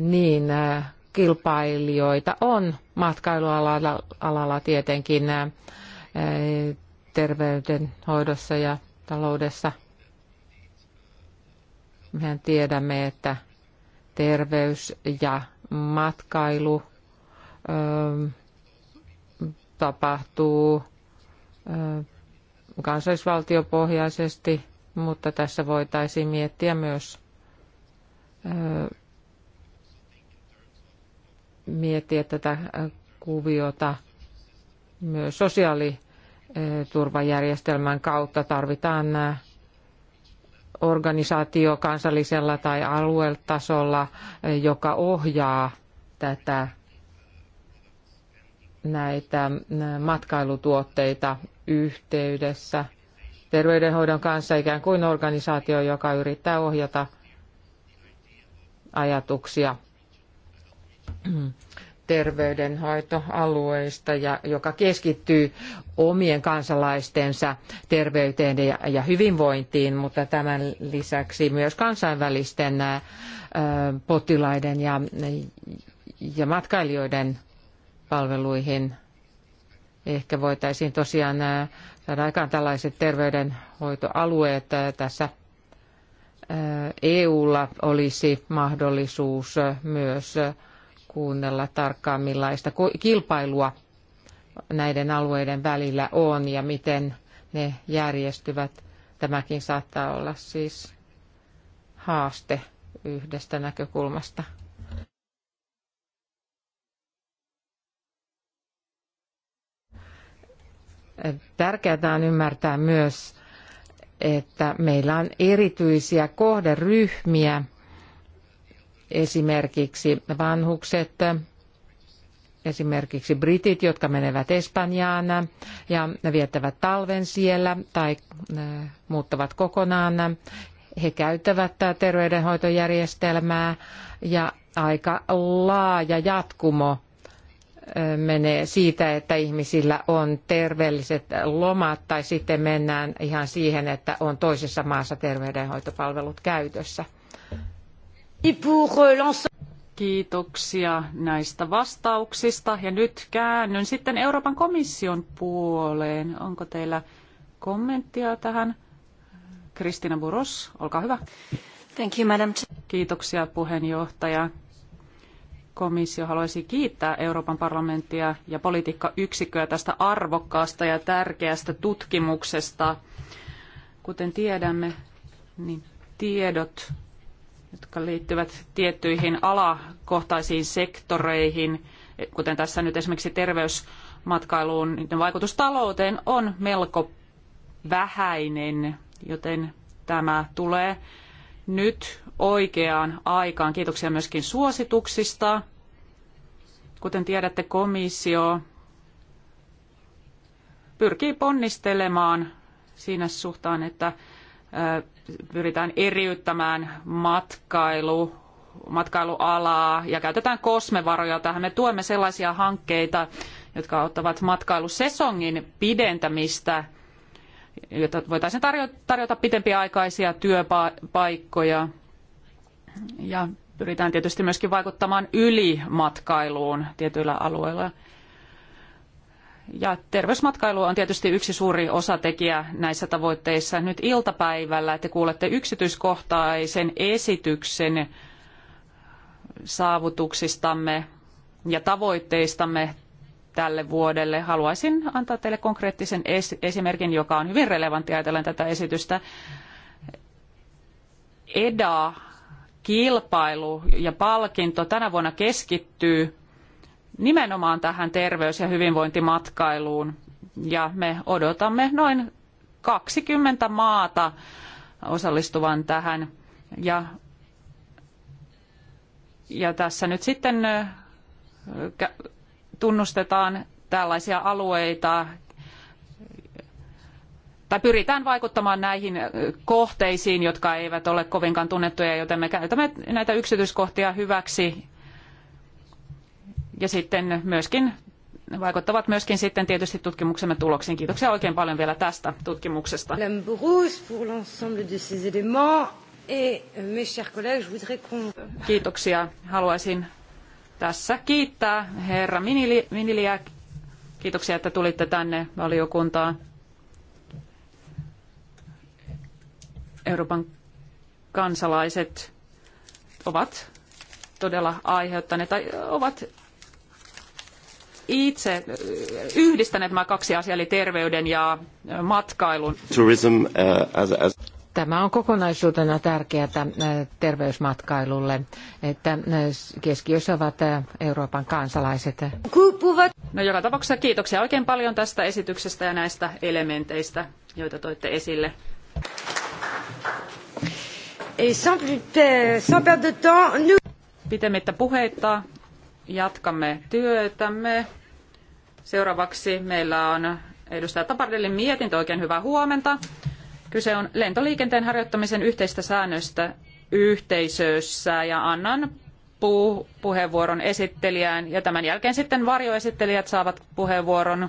niin äh, kilpailijoita on matkailualalla alalla tietenkin äh, terveydenhoidossa ja taloudessa. Mehän tiedämme, että terveys ja matkailu tapahtuu kansallisvaltiopohjaisesti, mutta tässä voitaisiin miettiä myös miettiä tätä äh, kuviota myös sosiaaliturvajärjestelmän kautta. Tarvitaan äh, organisaatio kansallisella tai aluetasolla, äh, joka ohjaa tätä näitä matkailutuotteita yhteydessä terveydenhoidon kanssa ikään kuin organisaatio, joka yrittää ohjata ajatuksia terveydenhoitoalueista, ja, joka keskittyy omien kansalaistensa terveyteen ja, ja hyvinvointiin, mutta tämän lisäksi myös kansainvälisten ä, potilaiden ja, ja matkailijoiden palveluihin. Ehkä voitaisiin tosiaan saada aikaan tällaiset terveydenhoitoalueet tässä EUlla olisi mahdollisuus myös kuunnella tarkkaan, millaista kilpailua näiden alueiden välillä on ja miten ne järjestyvät. Tämäkin saattaa olla siis haaste yhdestä näkökulmasta. Tärkeää on ymmärtää myös, että meillä on erityisiä kohderyhmiä, Esimerkiksi vanhukset, esimerkiksi britit, jotka menevät Espanjaan ja viettävät talven siellä tai äh, muuttavat kokonaan. He käyttävät terveydenhoitojärjestelmää ja aika laaja jatkumo äh, menee siitä, että ihmisillä on terveelliset lomat tai sitten mennään ihan siihen, että on toisessa maassa terveydenhoitopalvelut käytössä. Euh, Kiitoksia näistä vastauksista. Ja nyt käännyn sitten Euroopan komission puoleen. Onko teillä kommenttia tähän? Kristina Buros, olkaa hyvä. Thank you, madam. Kiitoksia puheenjohtaja. Komissio haluaisi kiittää Euroopan parlamenttia ja politiikkayksikköä tästä arvokkaasta ja tärkeästä tutkimuksesta. Kuten tiedämme, niin tiedot jotka liittyvät tiettyihin alakohtaisiin sektoreihin, kuten tässä nyt esimerkiksi terveysmatkailuun, niiden vaikutus talouteen on melko vähäinen, joten tämä tulee nyt oikeaan aikaan. Kiitoksia myöskin suosituksista. Kuten tiedätte, komissio pyrkii ponnistelemaan siinä suhtaan, että pyritään eriyttämään matkailu, matkailualaa ja käytetään kosmevaroja tähän. Me tuemme sellaisia hankkeita, jotka ottavat matkailusesongin pidentämistä, jotta voitaisiin tarjota, pitempiaikaisia työpaikkoja. Ja pyritään tietysti myöskin vaikuttamaan ylimatkailuun tietyillä alueilla. Ja terveysmatkailu on tietysti yksi suuri osatekijä näissä tavoitteissa. Nyt iltapäivällä te kuulette yksityiskohtaisen esityksen saavutuksistamme ja tavoitteistamme tälle vuodelle. Haluaisin antaa teille konkreettisen esimerkin, joka on hyvin relevantti ajatellen tätä esitystä. EDA, kilpailu ja palkinto tänä vuonna keskittyy nimenomaan tähän terveys- ja hyvinvointimatkailuun. Ja me odotamme noin 20 maata osallistuvan tähän. Ja, ja tässä nyt sitten tunnustetaan tällaisia alueita, tai pyritään vaikuttamaan näihin kohteisiin, jotka eivät ole kovinkaan tunnettuja, joten me käytämme näitä yksityiskohtia hyväksi ja sitten myöskin ne vaikuttavat myöskin sitten tietysti tutkimuksemme tuloksiin. Kiitoksia oikein paljon vielä tästä tutkimuksesta. Euh, Kiitoksia. Haluaisin tässä kiittää herra Miniliä. Kiitoksia, että tulitte tänne valiokuntaan. Euroopan kansalaiset ovat todella aiheuttaneet tai ovat itse äh, yhdistäneet nämä kaksi asiaa, eli terveyden ja äh, matkailun. Tourism, uh, as, as... Tämä on kokonaisuutena tärkeää terveysmatkailulle, että keskiössä ovat Euroopan kansalaiset. No joka tapauksessa kiitoksia oikein paljon tästä esityksestä ja näistä elementeistä, joita toitte esille. Euh, Pitemmittä puheittaa jatkamme työtämme. Seuraavaksi meillä on edustaja Tapardellin mietintö. Oikein hyvää huomenta. Kyse on lentoliikenteen harjoittamisen yhteistä säännöstä yhteisössä ja annan puu- puheenvuoron esittelijään ja tämän jälkeen sitten varjoesittelijät saavat puheenvuoron.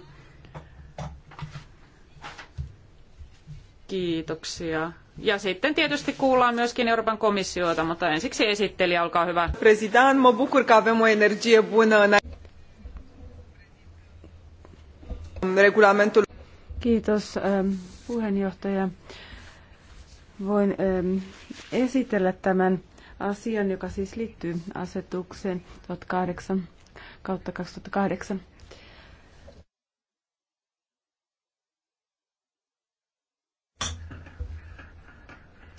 Kiitoksia. Ja sitten tietysti kuullaan myöskin Euroopan komissiota, mutta ensiksi esittelijä, olkaa hyvä. President, mă bucur că avem o energie bună în regulamentul. Kiitos ähm, puheenjohtaja. Voin ähm, esitellä tämän asian, joka siis liittyy asetukseen 1008 kautta 2008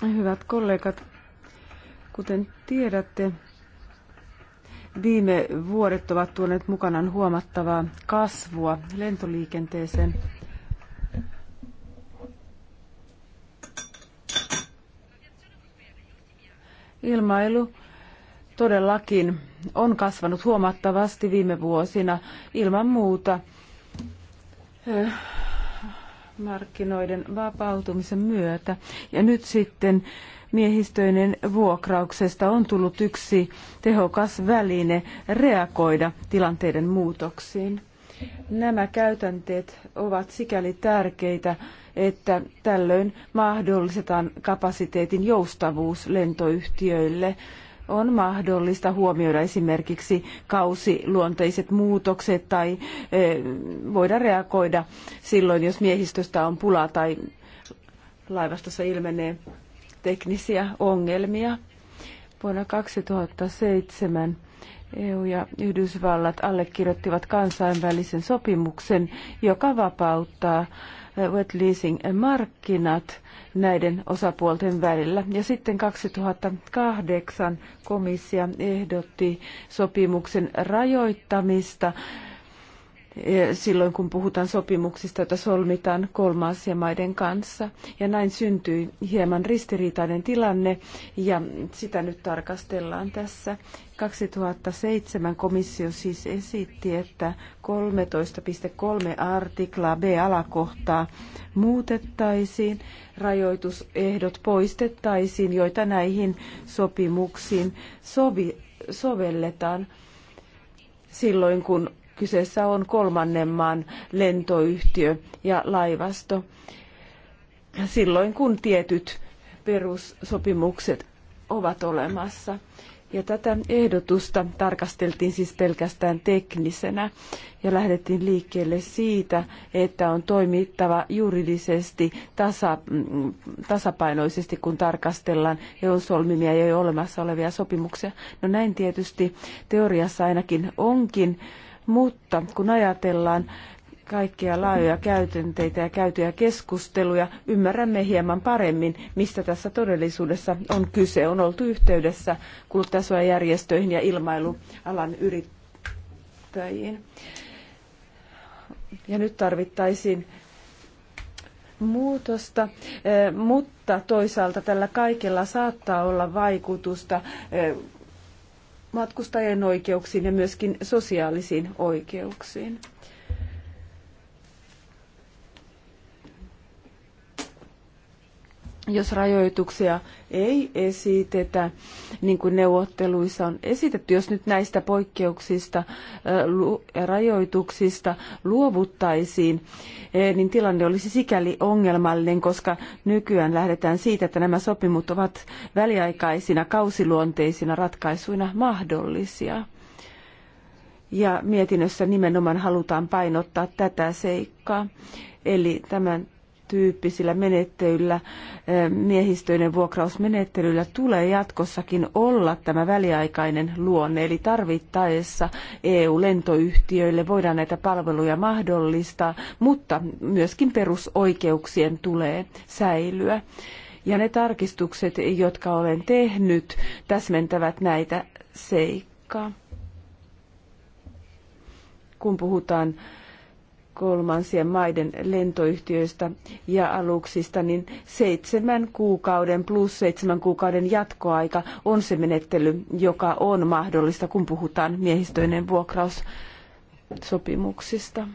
Hyvät kollegat, kuten tiedätte, viime vuodet ovat tuoneet mukanaan huomattavaa kasvua lentoliikenteeseen. Ilmailu todellakin on kasvanut huomattavasti viime vuosina ilman muuta markkinoiden vapautumisen myötä. Ja nyt sitten miehistöinen vuokrauksesta on tullut yksi tehokas väline reagoida tilanteiden muutoksiin. Nämä käytänteet ovat sikäli tärkeitä, että tällöin mahdollistetaan kapasiteetin joustavuus lentoyhtiöille on mahdollista huomioida esimerkiksi kausiluonteiset muutokset tai eh, voida reagoida silloin, jos miehistöstä on pulaa tai laivastossa ilmenee teknisiä ongelmia. Vuonna 2007 EU ja Yhdysvallat allekirjoittivat kansainvälisen sopimuksen, joka vapauttaa wet leasing-markkinat näiden osapuolten välillä. Ja sitten 2008 komissio ehdotti sopimuksen rajoittamista E, silloin, kun puhutaan sopimuksista, joita solmitaan kolmansien maiden kanssa. Ja näin syntyi hieman ristiriitainen tilanne, ja sitä nyt tarkastellaan tässä. 2007 komissio siis esitti, että 13.3 artiklaa B-alakohtaa muutettaisiin, rajoitusehdot poistettaisiin, joita näihin sopimuksiin sovi, sovelletaan silloin, kun Kyseessä on kolmannen maan lentoyhtiö ja laivasto silloin, kun tietyt perussopimukset ovat olemassa. Ja tätä ehdotusta tarkasteltiin siis pelkästään teknisenä ja lähdettiin liikkeelle siitä, että on toimittava juridisesti tasa, tasapainoisesti, kun tarkastellaan EUn solmimia ja jo olemassa olevia sopimuksia. No näin tietysti teoriassa ainakin onkin, mutta kun ajatellaan kaikkia laajoja käytänteitä ja käytyjä keskusteluja, ymmärrämme hieman paremmin, mistä tässä todellisuudessa on kyse. On oltu yhteydessä kuluttajasuojajärjestöihin ja ilmailualan yrittäjiin. Ja nyt tarvittaisiin muutosta, eh, mutta toisaalta tällä kaikella saattaa olla vaikutusta eh, matkustajien oikeuksiin ja myöskin sosiaalisiin oikeuksiin. Jos rajoituksia ei esitetä, niin kuin neuvotteluissa on esitetty, jos nyt näistä poikkeuksista ja rajoituksista luovuttaisiin, e, niin tilanne olisi sikäli ongelmallinen, koska nykyään lähdetään siitä, että nämä sopimut ovat väliaikaisina, kausiluonteisina ratkaisuina mahdollisia. Ja mietinnössä nimenomaan halutaan painottaa tätä seikkaa. Eli tämän tyyppisillä menettelyillä, miehistöinen vuokrausmenettelyllä tulee jatkossakin olla tämä väliaikainen luonne, eli tarvittaessa EU-lentoyhtiöille voidaan näitä palveluja mahdollistaa, mutta myöskin perusoikeuksien tulee säilyä. Ja ne tarkistukset, jotka olen tehnyt, täsmentävät näitä seikkaa. Kun puhutaan kolmansien maiden lentoyhtiöistä ja aluksista, niin seitsemän kuukauden plus seitsemän kuukauden jatkoaika on se menettely, joka on mahdollista, kun puhutaan miehistöinen vuokraussopimuksista.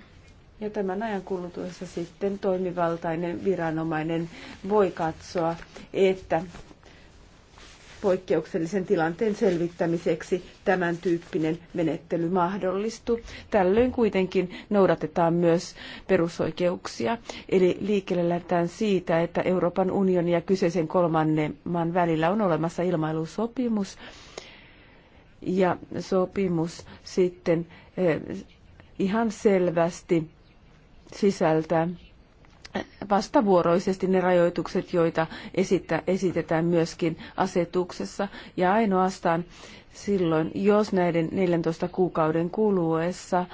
Ja tämän ajan kulutuessa sitten toimivaltainen viranomainen voi katsoa, että poikkeuksellisen tilanteen selvittämiseksi tämän tyyppinen menettely mahdollistuu Tällöin kuitenkin noudatetaan myös perusoikeuksia, eli liikkeelle lähdetään siitä, että Euroopan unionin ja kyseisen kolmannen maan välillä on olemassa ilmailusopimus, ja sopimus sitten eh, ihan selvästi sisältää vastavuoroisesti ne rajoitukset, joita esittä, esitetään myöskin asetuksessa. Ja ainoastaan silloin, jos näiden 14 kuukauden kuluessa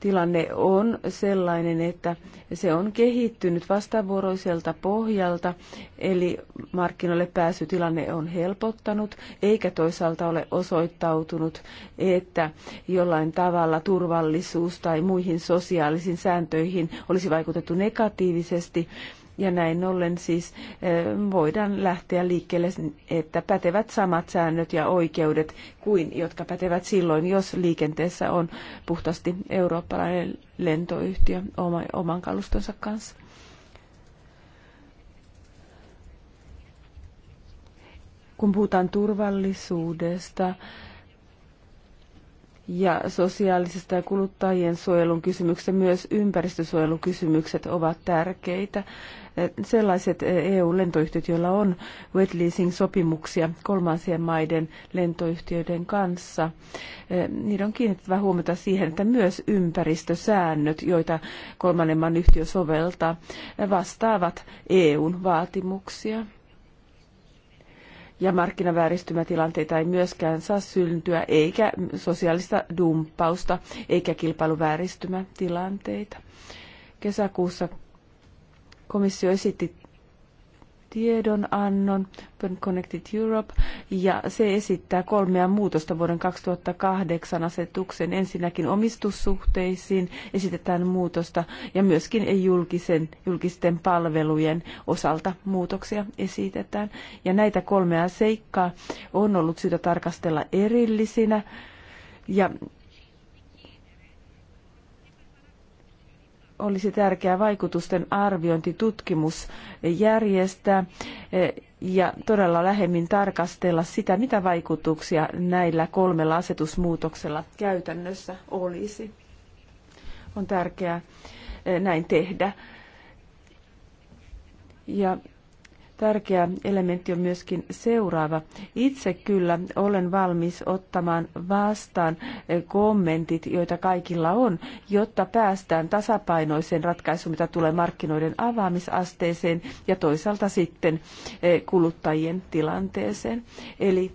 tilanne on sellainen, että se on kehittynyt vastavuoroiselta pohjalta, eli markkinoille pääsytilanne on helpottanut, eikä toisaalta ole osoittautunut, että jollain tavalla turvallisuus tai muihin sosiaalisiin sääntöihin olisi vaikutettu negatiivisesti. Ja näin ollen siis eh, voidaan lähteä liikkeelle, että pätevät samat säännöt ja oikeudet kuin jotka pätevät silloin, jos liikenteessä on puhtaasti eurooppalainen lentoyhtiö oman kalustonsa kanssa. Kun puhutaan turvallisuudesta, ja sosiaalisesta ja kuluttajien suojelun kysymyksestä myös ympäristösuojelukysymykset ovat tärkeitä. Sellaiset EU-lentoyhtiöt, eh, e joilla on wet leasing-sopimuksia kolmansien maiden lentoyhtiöiden kanssa, eh, niiden on kiinnitettävä huomiota siihen, että myös ympäristösäännöt, joita kolmannen maan yhtiö soveltaa, vastaavat EUn vaatimuksia ja markkinavääristymätilanteita ei myöskään saa syntyä, eikä sosiaalista dumppausta, eikä kilpailuvääristymätilanteita. Kesäkuussa komissio esitti tiedonannon Connected Europe ja se esittää kolmea muutosta vuoden 2008 asetuksen. Ensinnäkin omistussuhteisiin esitetään muutosta ja myöskin ei julkisen, julkisten palvelujen osalta muutoksia esitetään. Ja näitä kolmea seikkaa on ollut syytä tarkastella erillisinä ja olisi tärkeää vaikutusten arviointitutkimus järjestää eh, ja todella lähemmin tarkastella sitä, mitä vaikutuksia näillä kolmella asetusmuutoksella käytännössä olisi. On tärkeää eh, näin tehdä. Ja Tärkeä elementti on myöskin seuraava. Itse kyllä olen valmis ottamaan vastaan eh, kommentit, joita kaikilla on, jotta päästään tasapainoiseen ratkaisuun, mitä tulee markkinoiden avaamisasteeseen ja toisaalta sitten eh, kuluttajien tilanteeseen. Eli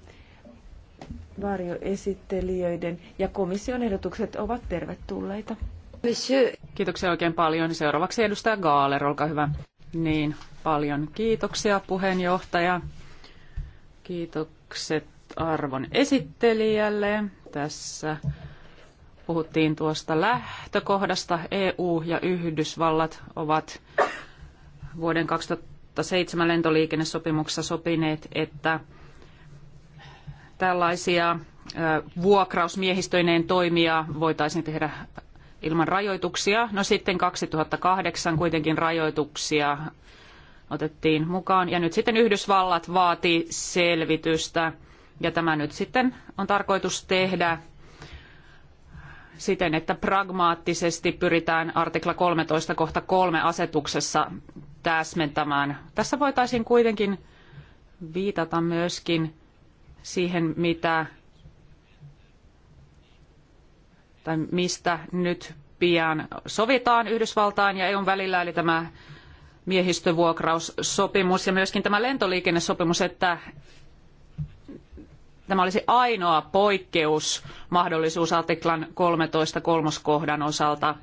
varjoesittelijöiden ja komission ehdotukset ovat tervetulleita. Kiitoksia oikein paljon. Seuraavaksi edustaja Gaaler, olkaa hyvä. Niin, Paljon kiitoksia puheenjohtaja. Kiitokset arvon esittelijälle. Tässä puhuttiin tuosta lähtökohdasta. EU ja Yhdysvallat ovat vuoden 2007 lentoliikennesopimuksessa sopineet, että tällaisia vuokrausmiehistöineen toimia voitaisiin tehdä ilman rajoituksia. No sitten 2008 kuitenkin rajoituksia otettiin mukaan. Ja nyt sitten Yhdysvallat vaati selvitystä ja tämä nyt sitten on tarkoitus tehdä siten, että pragmaattisesti pyritään artikla 13 kohta 3 asetuksessa täsmentämään. Tässä voitaisiin kuitenkin viitata myöskin siihen, mitä tai mistä nyt pian sovitaan Yhdysvaltain ja EUn välillä, eli tämä miehistövuokraussopimus ja myöskin tämä lentoliikennesopimus, että tämä olisi ainoa poikkeus mahdollisuus artiklan 13 kolmoskohdan osalta.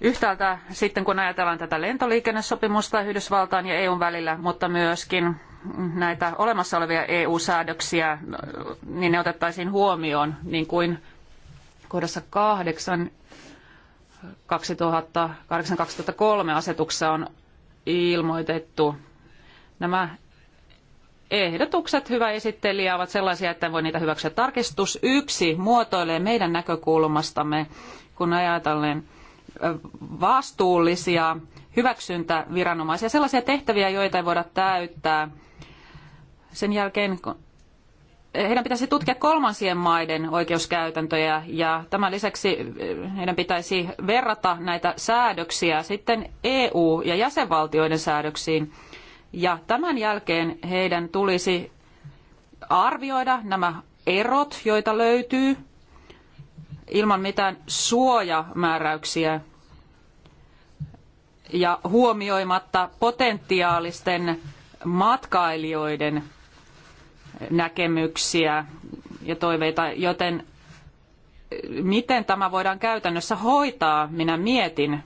Yhtäältä sitten kun ajatellaan tätä lentoliikennesopimusta Yhdysvaltain ja EUn välillä, mutta myöskin näitä olemassa olevia EU-säädöksiä, niin ne otettaisiin huomioon, niin kuin kohdassa kahdeksan 2008-2003 asetuksessa on ilmoitettu. Nämä ehdotukset, hyvä esittelijä, ovat sellaisia, että en voi niitä hyväksyä. Tarkistus yksi muotoilee meidän näkökulmastamme, kun ajatellen vastuullisia hyväksyntäviranomaisia, sellaisia tehtäviä, joita ei voida täyttää. Sen jälkeen, kun heidän pitäisi tutkia kolmansien maiden oikeuskäytäntöjä ja tämän lisäksi eh, heidän pitäisi verrata näitä säädöksiä sitten EU- ja jäsenvaltioiden säädöksiin. Ja tämän jälkeen heidän tulisi arvioida nämä erot, joita löytyy ilman mitään suojamääräyksiä ja huomioimatta potentiaalisten matkailijoiden näkemyksiä ja toiveita, joten miten tämä voidaan käytännössä hoitaa, minä mietin,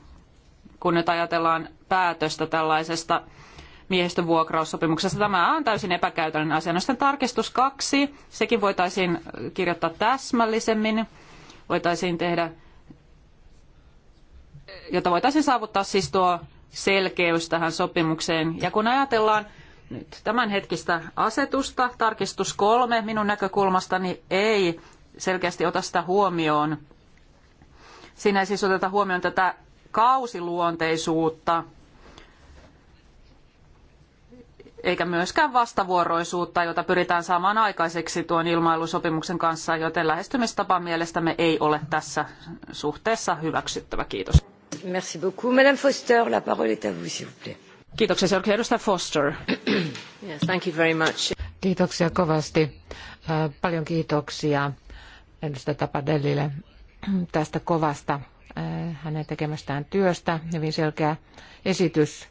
kun nyt ajatellaan päätöstä tällaisesta miehistön vuokraussopimuksesta. Tämä on täysin epäkäytännön asia. No sitten tarkistus kaksi, sekin voitaisiin kirjoittaa täsmällisemmin, voitaisiin tehdä, jotta voitaisiin saavuttaa siis tuo selkeys tähän sopimukseen. Ja kun ajatellaan nyt tämänhetkistä asetusta. Tarkistus kolme minun näkökulmastani ei selkeästi ota sitä huomioon. Siinä ei siis oteta huomioon tätä kausiluonteisuutta, eikä myöskään vastavuoroisuutta, jota pyritään saamaan aikaiseksi tuon ilmailusopimuksen kanssa, joten lähestymistapa mielestämme ei ole tässä suhteessa hyväksyttävä. Kiitos. Merci beaucoup. Madame Foster, la parole est à vous, s'il vous plaît. Kiitoksia. Seuraavaksi edustaja Foster. Yes, thank you very much. Kiitoksia kovasti. Paljon kiitoksia edustaja Tapadellille tästä kovasta hänen tekemästään työstä. Hyvin selkeä esitys.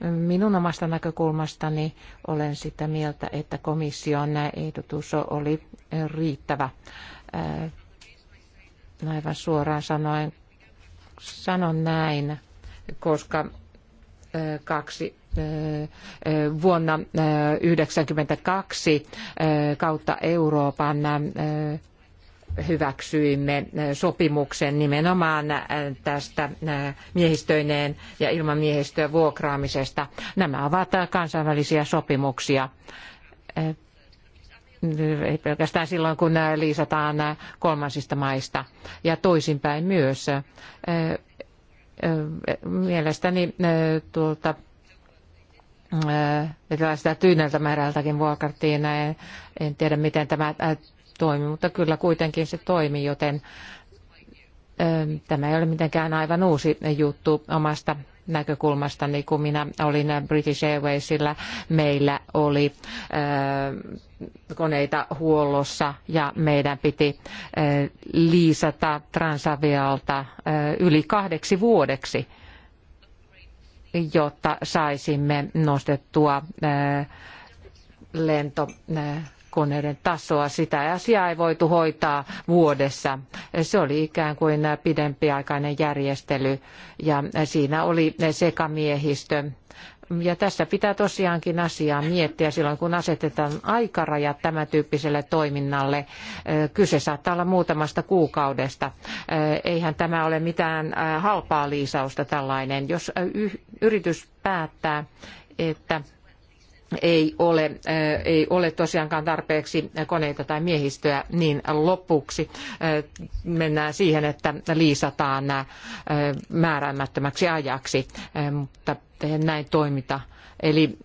Minun omasta näkökulmastani olen sitä mieltä, että komission ehdotus oli riittävä. Aivan suoraan sanoen sanon näin, koska kaksi eh, vuonna 1992 eh, eh, kautta Euroopan hyväksyimme sopimuksen nimenomaan tästä miehistöineen ja ilman miehistöä vuokraamisesta. Nämä ovat kansainvälisiä sopimuksia. Ei pelkästään silloin, kun liisataan kolmansista maista ja toisinpäin myös mielestäni tuolta eteläiseltä tyyneltä määrältäkin vuokrattiin. En, en tiedä, miten tämä toimi, mutta kyllä kuitenkin se toimi, joten tämä ei ole mitenkään aivan uusi juttu omasta näkökulmasta, niin kun minä olin British Airwaysilla, meillä oli äh, koneita huollossa ja meidän piti äh, liisata Transavialta äh, yli kahdeksi vuodeksi, jotta saisimme nostettua lento koneiden tasoa. Sitä asiaa ei voitu hoitaa vuodessa. Se oli ikään kuin pidempiaikainen järjestely ja siinä oli sekamiehistö. Ja tässä pitää tosiaankin asiaa miettiä silloin, kun asetetaan aikarajat tämän tyyppiselle toiminnalle. Kyse saattaa olla muutamasta kuukaudesta. Eihän tämä ole mitään halpaa liisausta tällainen. Jos yritys päättää, että ei ole, ei ole tosiaankaan tarpeeksi koneita tai miehistöä, niin lopuksi mennään siihen, että liisataan määräämättömäksi ajaksi, mutta näin toimita. Eli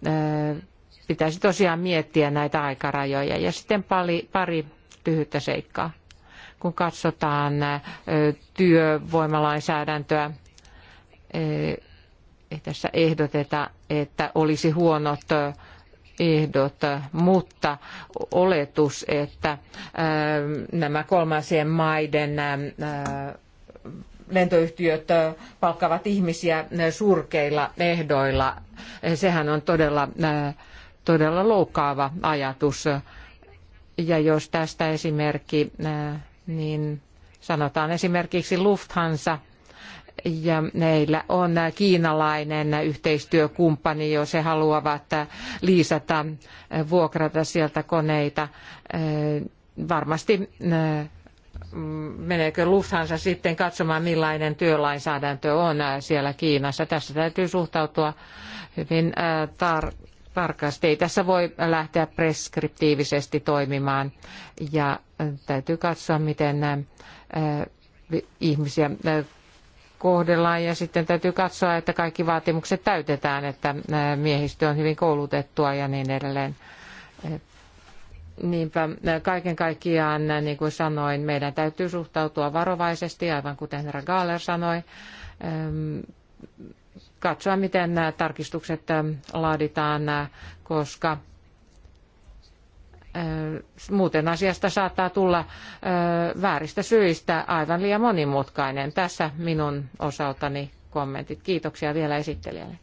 pitäisi tosiaan miettiä näitä aikarajoja. Ja sitten pari, pari lyhyttä seikkaa. Kun katsotaan työvoimalainsäädäntöä, ei tässä ehdoteta, että olisi huonot ehdot, mutta oletus, että äh, nämä kolmansien maiden äh, lentoyhtiöt äh, palkkaavat ihmisiä surkeilla ehdoilla, sehän on todella, todella loukkaava ajatus. Ja jos tästä esimerkki, niin sanotaan esimerkiksi Lufthansa, ja meillä on kiinalainen yhteistyökumppani, jos he haluavat liisata, vuokrata sieltä koneita. Varmasti meneekö Lufthansa sitten katsomaan, millainen työlainsäädäntö on siellä Kiinassa. Tässä täytyy suhtautua hyvin tar- tarkasti. Ei tässä voi lähteä preskriptiivisesti toimimaan ja täytyy katsoa, miten ihmisiä kohdellaan ja sitten täytyy katsoa, että kaikki vaatimukset täytetään, että miehistö on hyvin koulutettua ja niin edelleen. Niinpä kaiken kaikkiaan, niin kuin sanoin, meidän täytyy suhtautua varovaisesti, aivan kuten herra Gaaler sanoi, katsoa miten nämä tarkistukset laaditaan, koska Muuten asiasta saattaa tulla vääristä syistä aivan liian monimutkainen. Tässä minun osaltani kommentit. Kiitoksia vielä esittelijälle.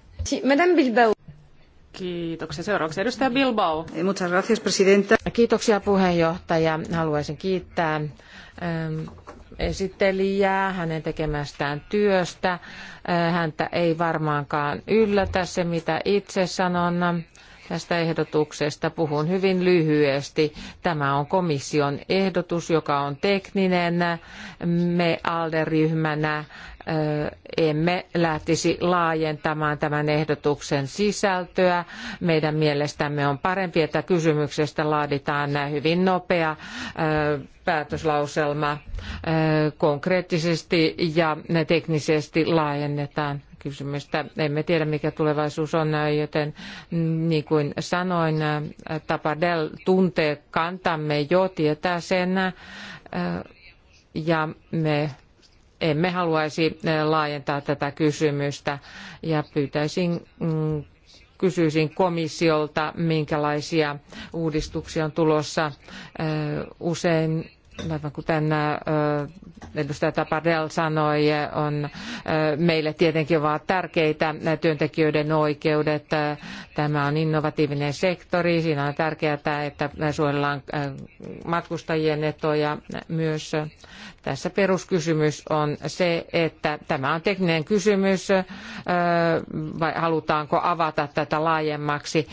Kiitoksia. Seuraavaksi edustaja Bilbao. Eh, muchas gracias, presidenta. Kiitoksia puheenjohtaja. Haluaisin kiittää ähm, esittelijää hänen tekemästään työstä. Äh, häntä ei varmaankaan yllätä se, mitä itse sanon tästä ehdotuksesta. Puhun hyvin lyhyesti. Tämä on komission ehdotus, joka on tekninen. Me ALDE-ryhmänä emme lähtisi laajentamaan tämän ehdotuksen sisältöä. Meidän mielestämme on parempi, että kysymyksestä laaditaan hyvin nopea päätöslauselma konkreettisesti ja teknisesti laajennetaan kysymystä. Emme tiedä, mikä tulevaisuus on, joten niin kuin sanoin, Tapadel tuntee kantamme jo, tietää sen, ja me emme haluaisi laajentaa tätä kysymystä, ja pyytäisin kysyisin komissiolta, minkälaisia uudistuksia on tulossa. Usein aivan kuten edustaja Tapadel sanoi, on meille tietenkin ovat tärkeitä työntekijöiden oikeudet. Tämä on innovatiivinen sektori. Siinä on tärkeää, että suojellaan matkustajien etoja myös. Tässä peruskysymys on se, että tämä on tekninen kysymys, vai halutaanko avata tätä laajemmaksi.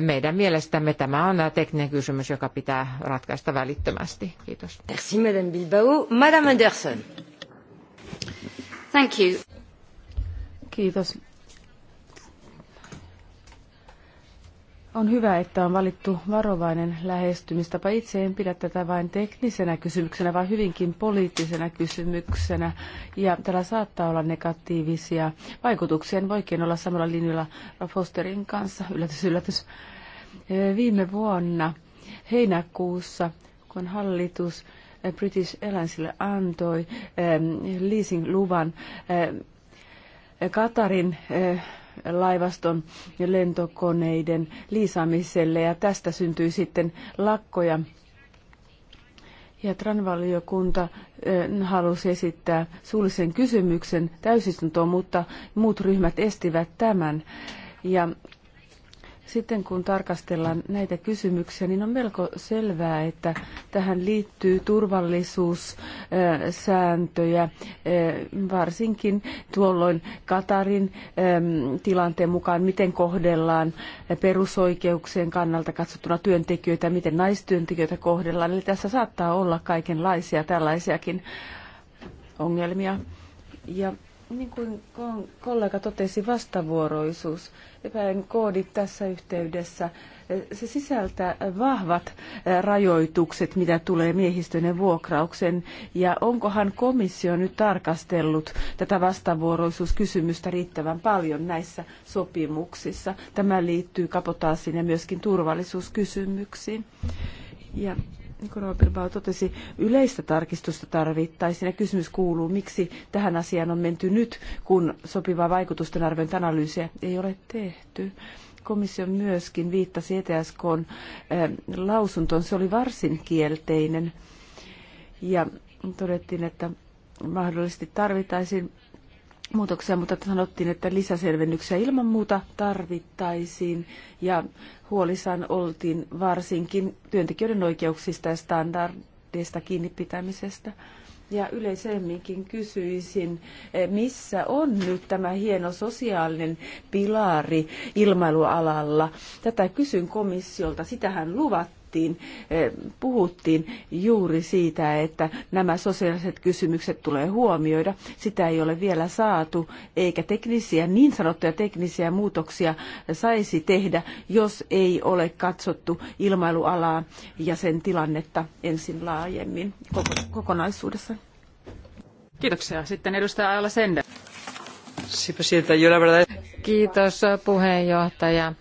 Meidän mielestämme tämä on tekninen kysymys, joka pitää ratkaista välittömästi. Kiitos. Merci, Madame Bilbao. Madame Anderson. Thank you. Kiitos. On hyvä, että on valittu varovainen lähestymistapa. Itse en pidä tätä vain teknisenä kysymyksenä, vaan hyvinkin poliittisena kysymyksenä. Ja tällä saattaa olla negatiivisia vaikutuksia. En voikin olla samalla linjalla Fosterin kanssa. Yllätys, yllätys. Viime vuonna heinäkuussa, kun hallitus British Airlinesille antoi leasing-luvan Katarin laivaston ja lentokoneiden liisaamiselle ja tästä syntyi sitten lakkoja. Ja Tranvaliokunta halusi esittää suullisen kysymyksen täysistuntoon, mutta muut ryhmät estivät tämän. Ja sitten kun tarkastellaan näitä kysymyksiä, niin on melko selvää, että tähän liittyy turvallisuussääntöjä, eh, varsinkin tuolloin Katarin tilanteen mukaan, miten kohdellaan perusoikeuksien kannalta katsottuna työntekijöitä, miten naistyöntekijöitä kohdellaan. Eli tässä saattaa olla kaikenlaisia tällaisiakin ongelmia. Ja niin kuin kollega totesi, vastavuoroisuus koodit tässä yhteydessä. Se sisältää vahvat rajoitukset, mitä tulee miehistön vuokrauksen. Ja onkohan komissio nyt tarkastellut tätä vastavuoroisuuskysymystä riittävän paljon näissä sopimuksissa? Tämä liittyy kapotaasiin ja myöskin turvallisuuskysymyksiin. Ja Korva Bilbao totesi, yleistä tarkistusta tarvittaisiin ja kysymys kuuluu, miksi tähän asiaan on menty nyt, kun sopivaa vaikutusten arviointanalyysiä ei ole tehty komissio myöskin viittasi ETSKn eh, lausuntoon. Se oli varsin kielteinen ja todettiin, että mahdollisesti tarvittaisiin muutoksia, mutta sanottiin, että lisäselvennyksiä ilman muuta tarvittaisiin ja huolissaan oltiin varsinkin työntekijöiden oikeuksista ja standardeista kiinni pitämisestä. Ja yleisemminkin kysyisin, eh, missä on nyt tämä hieno sosiaalinen pilari ilmailualalla? Tätä kysyn komissiolta, sitähän luvattiin puhuttiin, eh, puhuttiin juuri siitä, että nämä sosiaaliset kysymykset tulee huomioida. Sitä ei ole vielä saatu, eikä teknisiä, niin sanottuja teknisiä muutoksia saisi tehdä, jos ei ole katsottu ilmailualaa ja sen tilannetta ensin laajemmin kokonaisuudessa. Kiitoksia. Sitten edustaja Aila Sende. Kiitos puheenjohtaja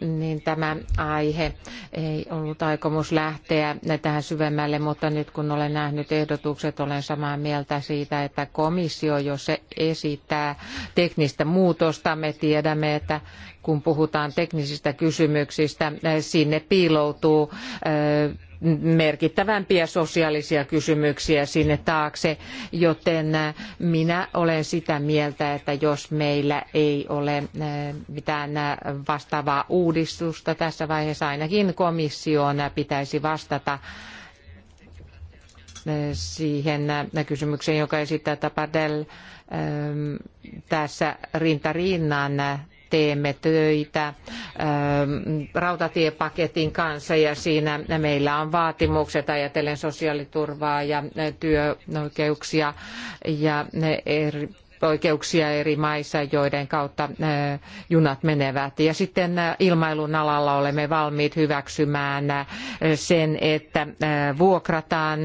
niin tämä aihe ei ollut aikomus lähteä tähän syvemmälle, mutta nyt kun olen nähnyt ehdotukset, olen samaa mieltä siitä, että komissio, jos se esittää teknistä muutosta, me tiedämme, että kun puhutaan teknisistä kysymyksistä, eh, sinne piiloutuu eh, merkittävämpiä sosiaalisia kysymyksiä sinne taakse, joten eh, minä olen sitä mieltä, että jos meillä ei ole mitään vastaavaa uudistusta tässä vaiheessa, ainakin komission pitäisi vastata siihen kysymykseen, joka esittää Tapadel tässä rinta rinnan teemme töitä ähm, rautatiepaketin kanssa ja siinä meillä on vaatimukset ajatellen sosiaaliturvaa ja äh, työoikeuksia ja äh, eri poikkeuksia eri maissa, joiden kautta junat menevät. Ja sitten ilmailun alalla olemme valmiit hyväksymään sen, että vuokrataan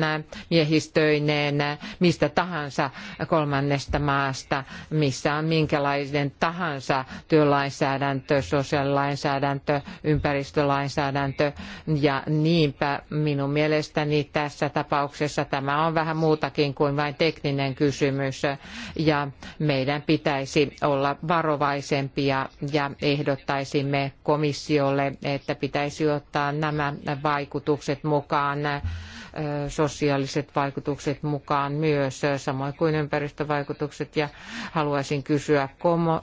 miehistöineen mistä tahansa kolmannesta maasta, missä on minkälainen tahansa työlainsäädäntö, sosiaalilainsäädäntö, ympäristölainsäädäntö ja niinpä minun mielestäni tässä tapauksessa tämä on vähän muutakin kuin vain tekninen kysymys ja meidän pitäisi olla varovaisempia ja ehdottaisimme komissiolle, että pitäisi ottaa nämä vaikutukset mukaan, sosiaaliset vaikutukset mukaan myös, samoin kuin ympäristövaikutukset. Ja haluaisin kysyä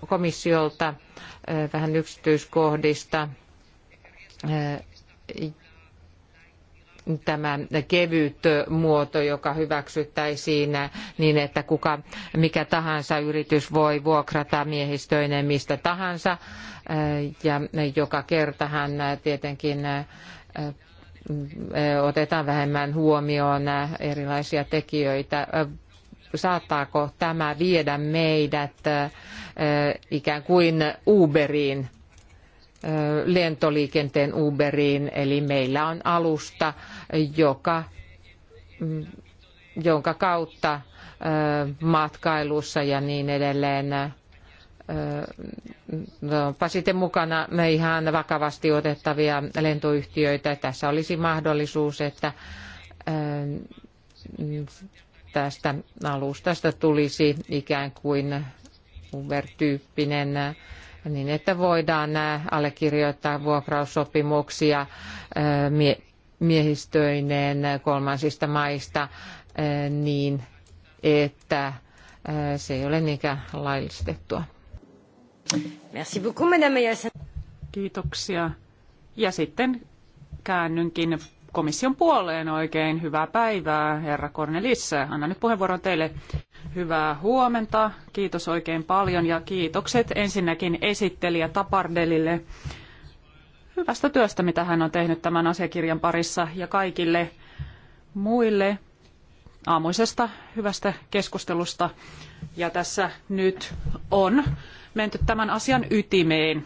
komissiolta vähän yksityiskohdista tämä kevyt muoto, joka hyväksyttäisiin niin, että kuka, mikä tahansa yritys voi vuokrata miehistöinen mistä tahansa. Eh, ja joka kertahan tietenkin eh, otetaan vähemmän huomioon erilaisia tekijöitä. Saattaako tämä viedä meidät eh, ikään kuin Uberiin, lentoliikenteen Uberiin, eli meillä on alusta, joka, jonka kautta matkailussa ja niin edelleen no, onpa sitten mukana ihan vakavasti otettavia lentoyhtiöitä. Tässä olisi mahdollisuus, että tästä alustasta tulisi ikään kuin Uber-tyyppinen niin että voidaan allekirjoittaa vuokraussopimuksia miehistöineen kolmansista maista eh, niin, että eh, se ei ole niinkään laillistettua. Merci beaucoup, madame Kiitoksia. Ja sitten käännynkin komission puoleen oikein. Hyvää päivää, herra Cornelis. Annan nyt puheenvuoron teille. Hyvää huomenta. Kiitos oikein paljon ja kiitokset ensinnäkin esittelijä Tapardelille hyvästä työstä, mitä hän on tehnyt tämän asiakirjan parissa ja kaikille muille aamuisesta hyvästä keskustelusta. Ja tässä nyt on menty tämän asian ytimeen.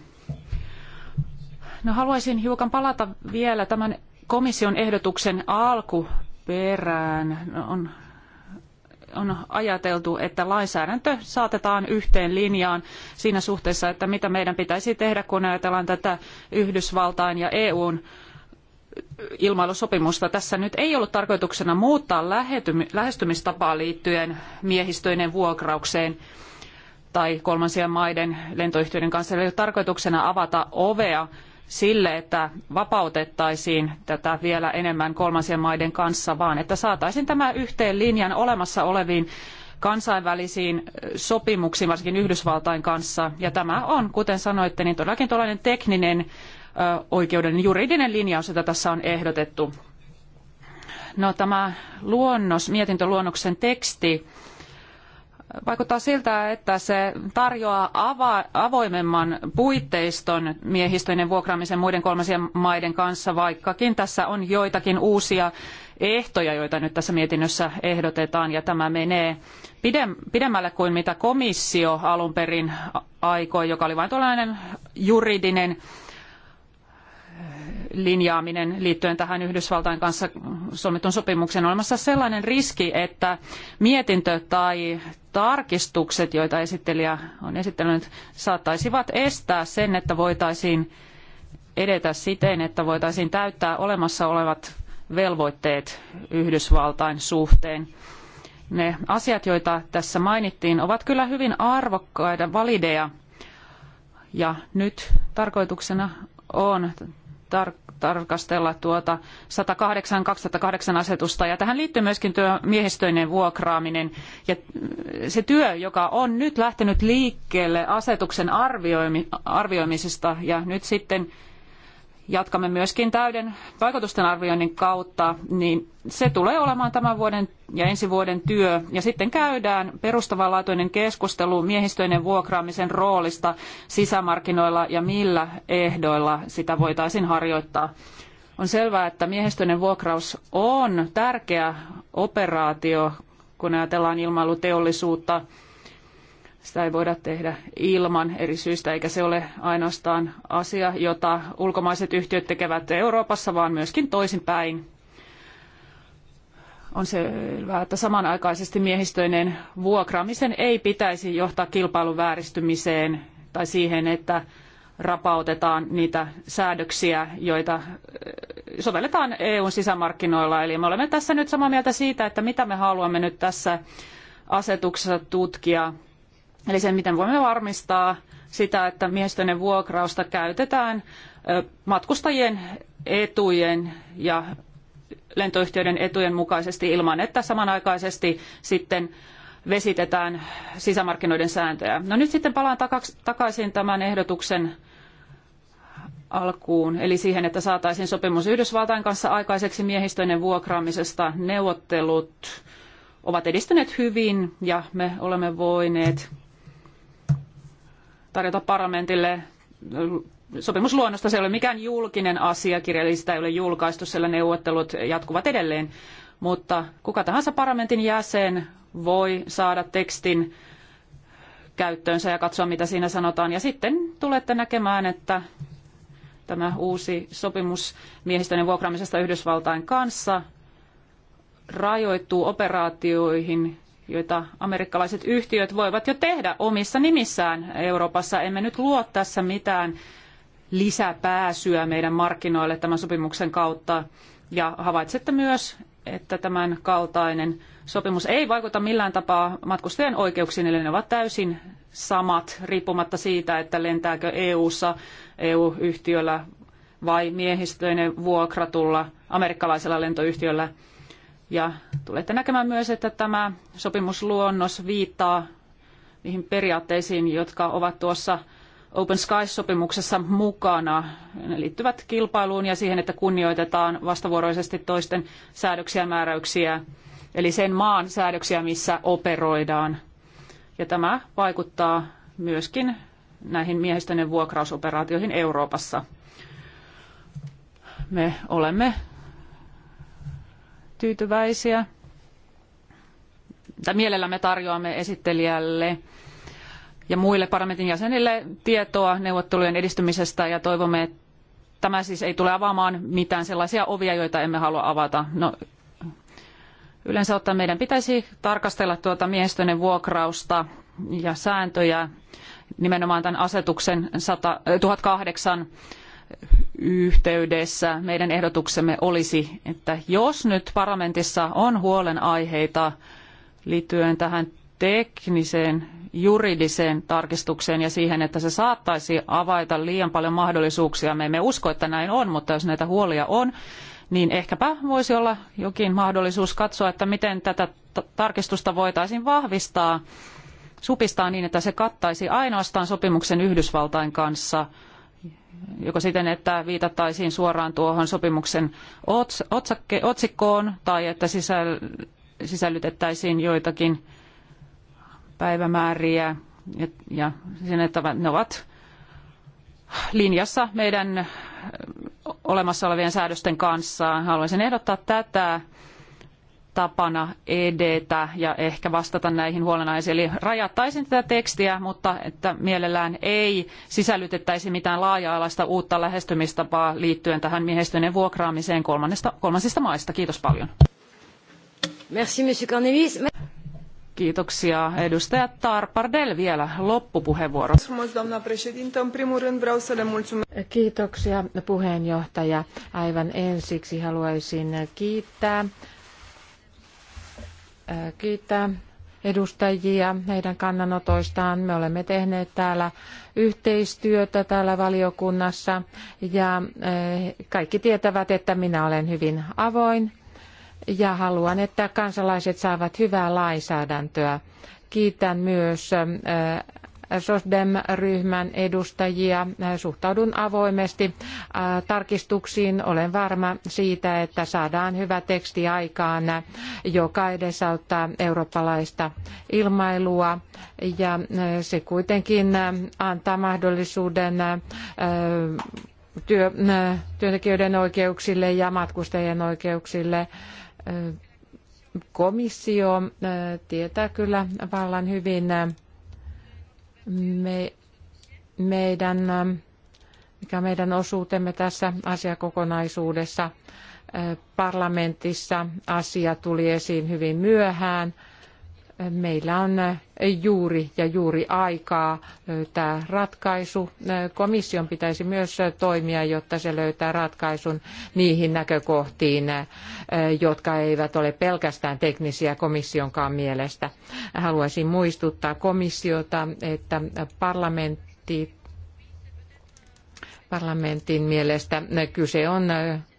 No, haluaisin hiukan palata vielä tämän komission ehdotuksen alkuperään. No, on on ajateltu, että lainsäädäntö saatetaan yhteen linjaan siinä suhteessa, että mitä meidän pitäisi tehdä, kun ajatellaan tätä Yhdysvaltain ja EUn ilmailusopimusta. Tässä nyt ei ollut tarkoituksena muuttaa lähestymistapaa liittyen miehistöinen vuokraukseen tai kolmansien maiden lentoyhtiöiden kanssa. Eli tarkoituksena avata ovea sille, että vapautettaisiin tätä vielä enemmän kolmansien maiden kanssa, vaan että saataisiin tämä yhteen linjan olemassa oleviin kansainvälisiin sopimuksiin, varsinkin Yhdysvaltain kanssa. Ja tämä on, kuten sanoitte, niin todellakin tuollainen tekninen oikeuden juridinen linjaus, jota tässä on ehdotettu. No tämä luonnos, mietintöluonnoksen teksti vaikuttaa siltä, että se tarjoaa avoimemman puitteiston miehistöinen vuokraamisen muiden kolmansien maiden kanssa, vaikkakin tässä on joitakin uusia ehtoja, joita nyt tässä mietinnössä ehdotetaan, ja tämä menee pidemmälle kuin mitä komissio alun perin aikoi, joka oli vain tuollainen juridinen linjaaminen liittyen tähän Yhdysvaltain kanssa solmitun sopimuksen on olemassa sellainen riski, että mietintö tai tarkistukset, joita esittelijä on esittänyt, saattaisivat estää sen, että voitaisiin edetä siten, että voitaisiin täyttää olemassa olevat velvoitteet Yhdysvaltain suhteen. Ne asiat, joita tässä mainittiin, ovat kyllä hyvin arvokkaita, valideja. Ja nyt tarkoituksena on tar- tarkastella tuota 108-2008 asetusta. Ja tähän liittyy myöskin tuo miehistöinen vuokraaminen. Ja mm, se työ, joka on nyt lähtenyt liikkeelle asetuksen arvioimisesta ja nyt sitten jatkamme myöskin täyden vaikutusten arvioinnin kautta, niin se tulee olemaan tämän vuoden ja ensi vuoden työ. Ja sitten käydään perustavanlaatuinen keskustelu miehistöinen vuokraamisen roolista sisämarkkinoilla ja millä ehdoilla sitä voitaisiin harjoittaa. On selvää, että miehistöinen vuokraus on tärkeä operaatio, kun ajatellaan ilmailuteollisuutta, sitä ei voida tehdä ilman eri syistä, eikä se ole ainoastaan asia, jota ulkomaiset yhtiöt tekevät Euroopassa, vaan myöskin toisinpäin. On selvää, että samanaikaisesti miehistöinen vuokraamisen ei pitäisi johtaa kilpailun vääristymiseen tai siihen, että rapautetaan niitä säädöksiä, joita äh, sovelletaan EUn sisämarkkinoilla. Eli me olemme tässä nyt samaa mieltä siitä, että mitä me haluamme nyt tässä asetuksessa tutkia – Eli sen, miten voimme varmistaa sitä, että miehistöinen vuokrausta käytetään matkustajien etujen ja lentoyhtiöiden etujen mukaisesti ilman, että samanaikaisesti sitten vesitetään sisämarkkinoiden sääntöjä. No nyt sitten palaan takaisin tämän ehdotuksen alkuun, eli siihen, että saataisiin sopimus Yhdysvaltain kanssa aikaiseksi miehistöinen vuokraamisesta. Neuvottelut ovat edistyneet hyvin ja me olemme voineet tarjota parlamentille äh, sopimusluonnosta. Se ei ole mikään julkinen asiakirja, eli sitä ei ole julkaistu, sillä neuvottelut jatkuvat edelleen. Mutta kuka tahansa parlamentin jäsen voi saada tekstin käyttöönsä ja katsoa, mitä siinä sanotaan. Ja sitten tulette näkemään, että tämä uusi sopimus miehistön vuokraamisesta Yhdysvaltain kanssa rajoittuu operaatioihin, joita amerikkalaiset yhtiöt voivat jo tehdä omissa nimissään Euroopassa. Emme nyt luo tässä mitään lisäpääsyä meidän markkinoille tämän sopimuksen kautta. Ja havaitsette myös, että tämän kaltainen sopimus ei vaikuta millään tapaa matkustajien oikeuksiin, eli ne ovat täysin samat, riippumatta siitä, että lentääkö EU-ssa EU-yhtiöllä vai miehistöinen vuokratulla amerikkalaisella lentoyhtiöllä – ja tulette näkemään myös, että tämä sopimusluonnos viittaa niihin periaatteisiin, jotka ovat tuossa Open Skies-sopimuksessa mukana. Ne liittyvät kilpailuun ja siihen, että kunnioitetaan vastavuoroisesti toisten säädöksiä ja määräyksiä, eli sen maan säädöksiä, missä operoidaan. Ja tämä vaikuttaa myöskin näihin miehistön vuokrausoperaatioihin Euroopassa. Me olemme tyytyväisiä, tai mielellämme tarjoamme esittelijälle ja muille parlamentin jäsenille tietoa neuvottelujen edistymisestä ja toivomme, että tämä siis ei tule avaamaan mitään sellaisia ovia, joita emme halua avata. No, yleensä ottaen meidän pitäisi tarkastella tuota miehistöinen vuokrausta ja sääntöjä nimenomaan tämän asetuksen 100, 1008 yhteydessä meidän ehdotuksemme olisi, että jos nyt parlamentissa on huolenaiheita liittyen tähän tekniseen juridiseen tarkistukseen ja siihen, että se saattaisi avaita liian paljon mahdollisuuksia. Me emme usko, että näin on, mutta jos näitä huolia on, niin ehkäpä voisi olla jokin mahdollisuus katsoa, että miten tätä tarkistusta voitaisiin vahvistaa, supistaa niin, että se kattaisi ainoastaan sopimuksen Yhdysvaltain kanssa – joko siten, että viitattaisiin suoraan tuohon sopimuksen otsakke, otsikkoon tai että sisällytettäisiin joitakin päivämääriä ja, ja sen, että ne ovat linjassa meidän olemassa olevien säädösten kanssa. Haluaisin ehdottaa tätä tapana edetä ja ehkä vastata näihin huolenaiheisiin. Eli rajattaisiin tätä tekstiä, mutta että mielellään ei sisällytettäisi mitään laaja-alaista uutta lähestymistapaa liittyen tähän miehistyneen vuokraamiseen kolmannesta, kolmansista maista. Kiitos paljon. Merci, Kiitoksia. Edustaja Tarpardel vielä loppupuheenvuoro. Kiitoksia puheenjohtaja. Aivan ensiksi haluaisin kiittää kiittää edustajia heidän kannanotoistaan. Me olemme tehneet täällä yhteistyötä täällä valiokunnassa ja kaikki tietävät, että minä olen hyvin avoin ja haluan, että kansalaiset saavat hyvää lainsäädäntöä. Kiitän myös SOSDEM-ryhmän edustajia. Suhtaudun avoimesti äh, tarkistuksiin. Olen varma siitä, että saadaan hyvä teksti aikaan, joka edesauttaa eurooppalaista ilmailua ja äh, se kuitenkin äh, antaa mahdollisuuden työ, työntekijöiden oikeuksille ja matkustajien oikeuksille. Komissio tietää kyllä vallan hyvin me, meidän, ähm, mikä meidän osuutemme tässä asiakokonaisuudessa äh, parlamentissa asia tuli esiin hyvin myöhään – meillä on juuri ja juuri aikaa löytää ratkaisu. Komission pitäisi myös toimia, jotta se löytää ratkaisun niihin näkökohtiin, jotka eivät ole pelkästään teknisiä komissionkaan mielestä. Haluaisin muistuttaa komissiota, että parlamentti, parlamentin mielestä kyse on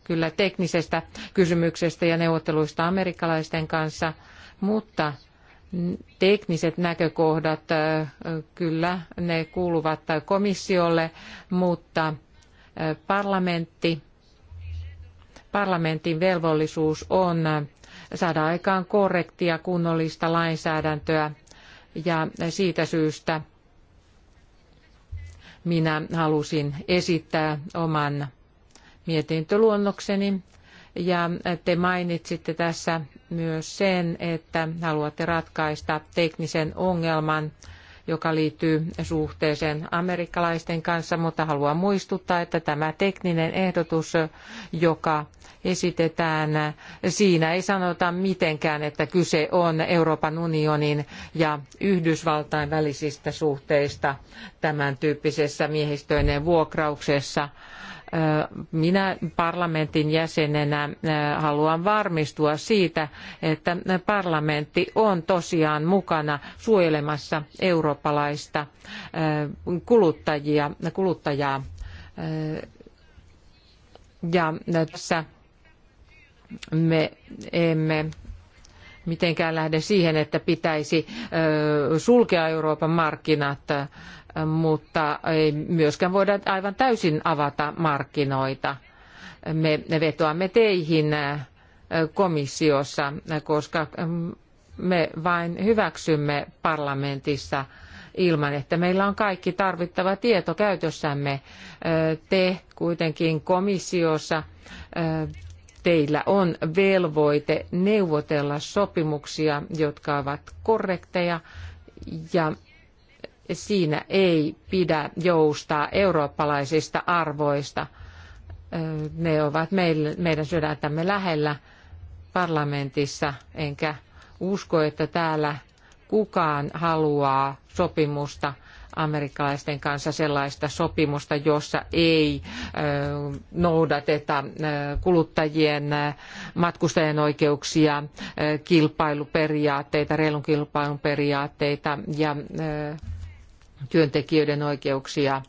kyllä teknisestä kysymyksestä ja neuvotteluista amerikkalaisten kanssa, mutta tekniset näkökohdat, kyllä ne kuuluvat komissiolle, mutta parlamentti, parlamentin velvollisuus on saada aikaan korrektia kunnollista lainsäädäntöä ja siitä syystä minä halusin esittää oman mietintöluonnokseni ja te mainitsitte tässä myös sen, että haluatte ratkaista teknisen ongelman, joka liittyy suhteeseen amerikkalaisten kanssa, mutta haluan muistuttaa, että tämä tekninen ehdotus, joka esitetään, siinä ei sanota mitenkään, että kyse on Euroopan unionin ja Yhdysvaltain välisistä suhteista tämän tyyppisessä miehistöinen vuokrauksessa – minä parlamentin jäsenenä haluan varmistua siitä, että parlamentti on tosiaan mukana suojelemassa eurooppalaista kuluttajia, kuluttajaa. Ja tässä me emme mitenkään lähde siihen, että pitäisi sulkea Euroopan markkinat, mutta ei myöskään voida aivan täysin avata markkinoita. Me vetoamme teihin komissiossa, koska me vain hyväksymme parlamentissa ilman, että meillä on kaikki tarvittava tieto käytössämme. Te kuitenkin komissiossa teillä on velvoite neuvotella sopimuksia, jotka ovat korrekteja ja siinä ei pidä joustaa eurooppalaisista arvoista. Ne ovat meidän sydäntämme lähellä parlamentissa, enkä usko, että täällä kukaan haluaa sopimusta, amerikkalaisten kanssa sellaista sopimusta, jossa ei noudateta kuluttajien matkustajien oikeuksia, kilpailuperiaatteita, reilun kilpailun periaatteita ja työntekijöiden oikeuksia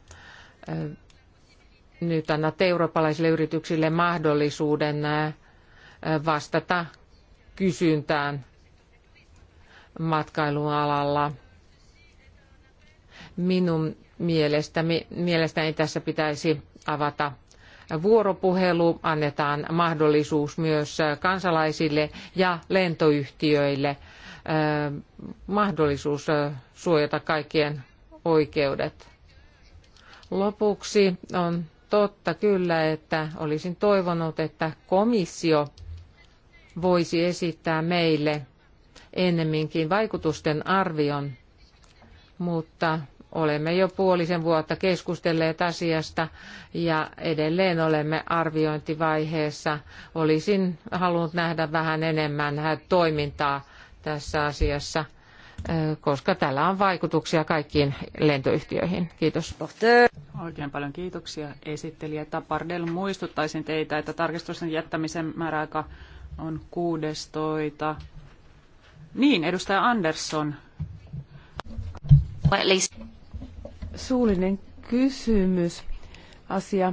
nyt annatte eurooppalaisille yrityksille mahdollisuuden vastata kysyntään matkailualalla. Minun mielestäni, mielestäni tässä pitäisi avata vuoropuhelu, annetaan mahdollisuus myös kansalaisille ja lentoyhtiöille mahdollisuus suojata kaikkien oikeudet. Lopuksi on totta kyllä, että olisin toivonut, että komissio voisi esittää meille ennemminkin vaikutusten arvion, mutta Olemme jo puolisen vuotta keskustelleet asiasta ja edelleen olemme arviointivaiheessa. Olisin halunnut nähdä vähän enemmän toimintaa tässä asiassa, eh, koska tällä on vaikutuksia kaikkiin lentoyhtiöihin. Kiitos. Oikein paljon kiitoksia esittelijä Tapardel. Muistuttaisin teitä, että tarkistusten jättämisen määräaika on 16. Niin, edustaja Andersson suullinen kysymys asia.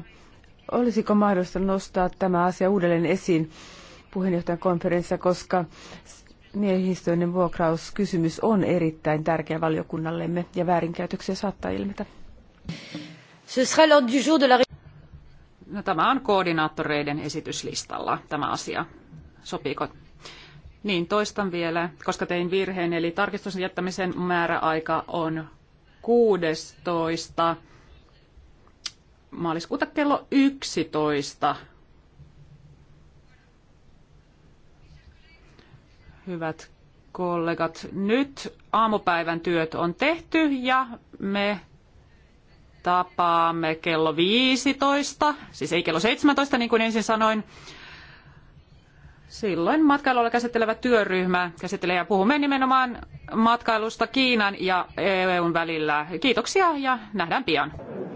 Olisiko mahdollista nostaa tämä asia uudelleen esiin puheenjohtajan konferenssissa, koska miehistöinen vuokrauskysymys on erittäin tärkeä valiokunnallemme ja väärinkäytöksiä saattaa ilmetä. No, tämä on koordinaattoreiden esityslistalla tämä asia. Sopiiko? Niin, toistan vielä, koska tein virheen, eli tarkistusjättämisen määräaika on 16. maaliskuuta kello 11. Hyvät kollegat, nyt aamupäivän työt on tehty ja me tapaamme kello 15, siis ei kello 17 niin kuin ensin sanoin, Silloin matkailulla käsittelevä työryhmä käsittelee ja puhumme nimenomaan matkailusta Kiinan ja EUn välillä. Kiitoksia ja nähdään pian.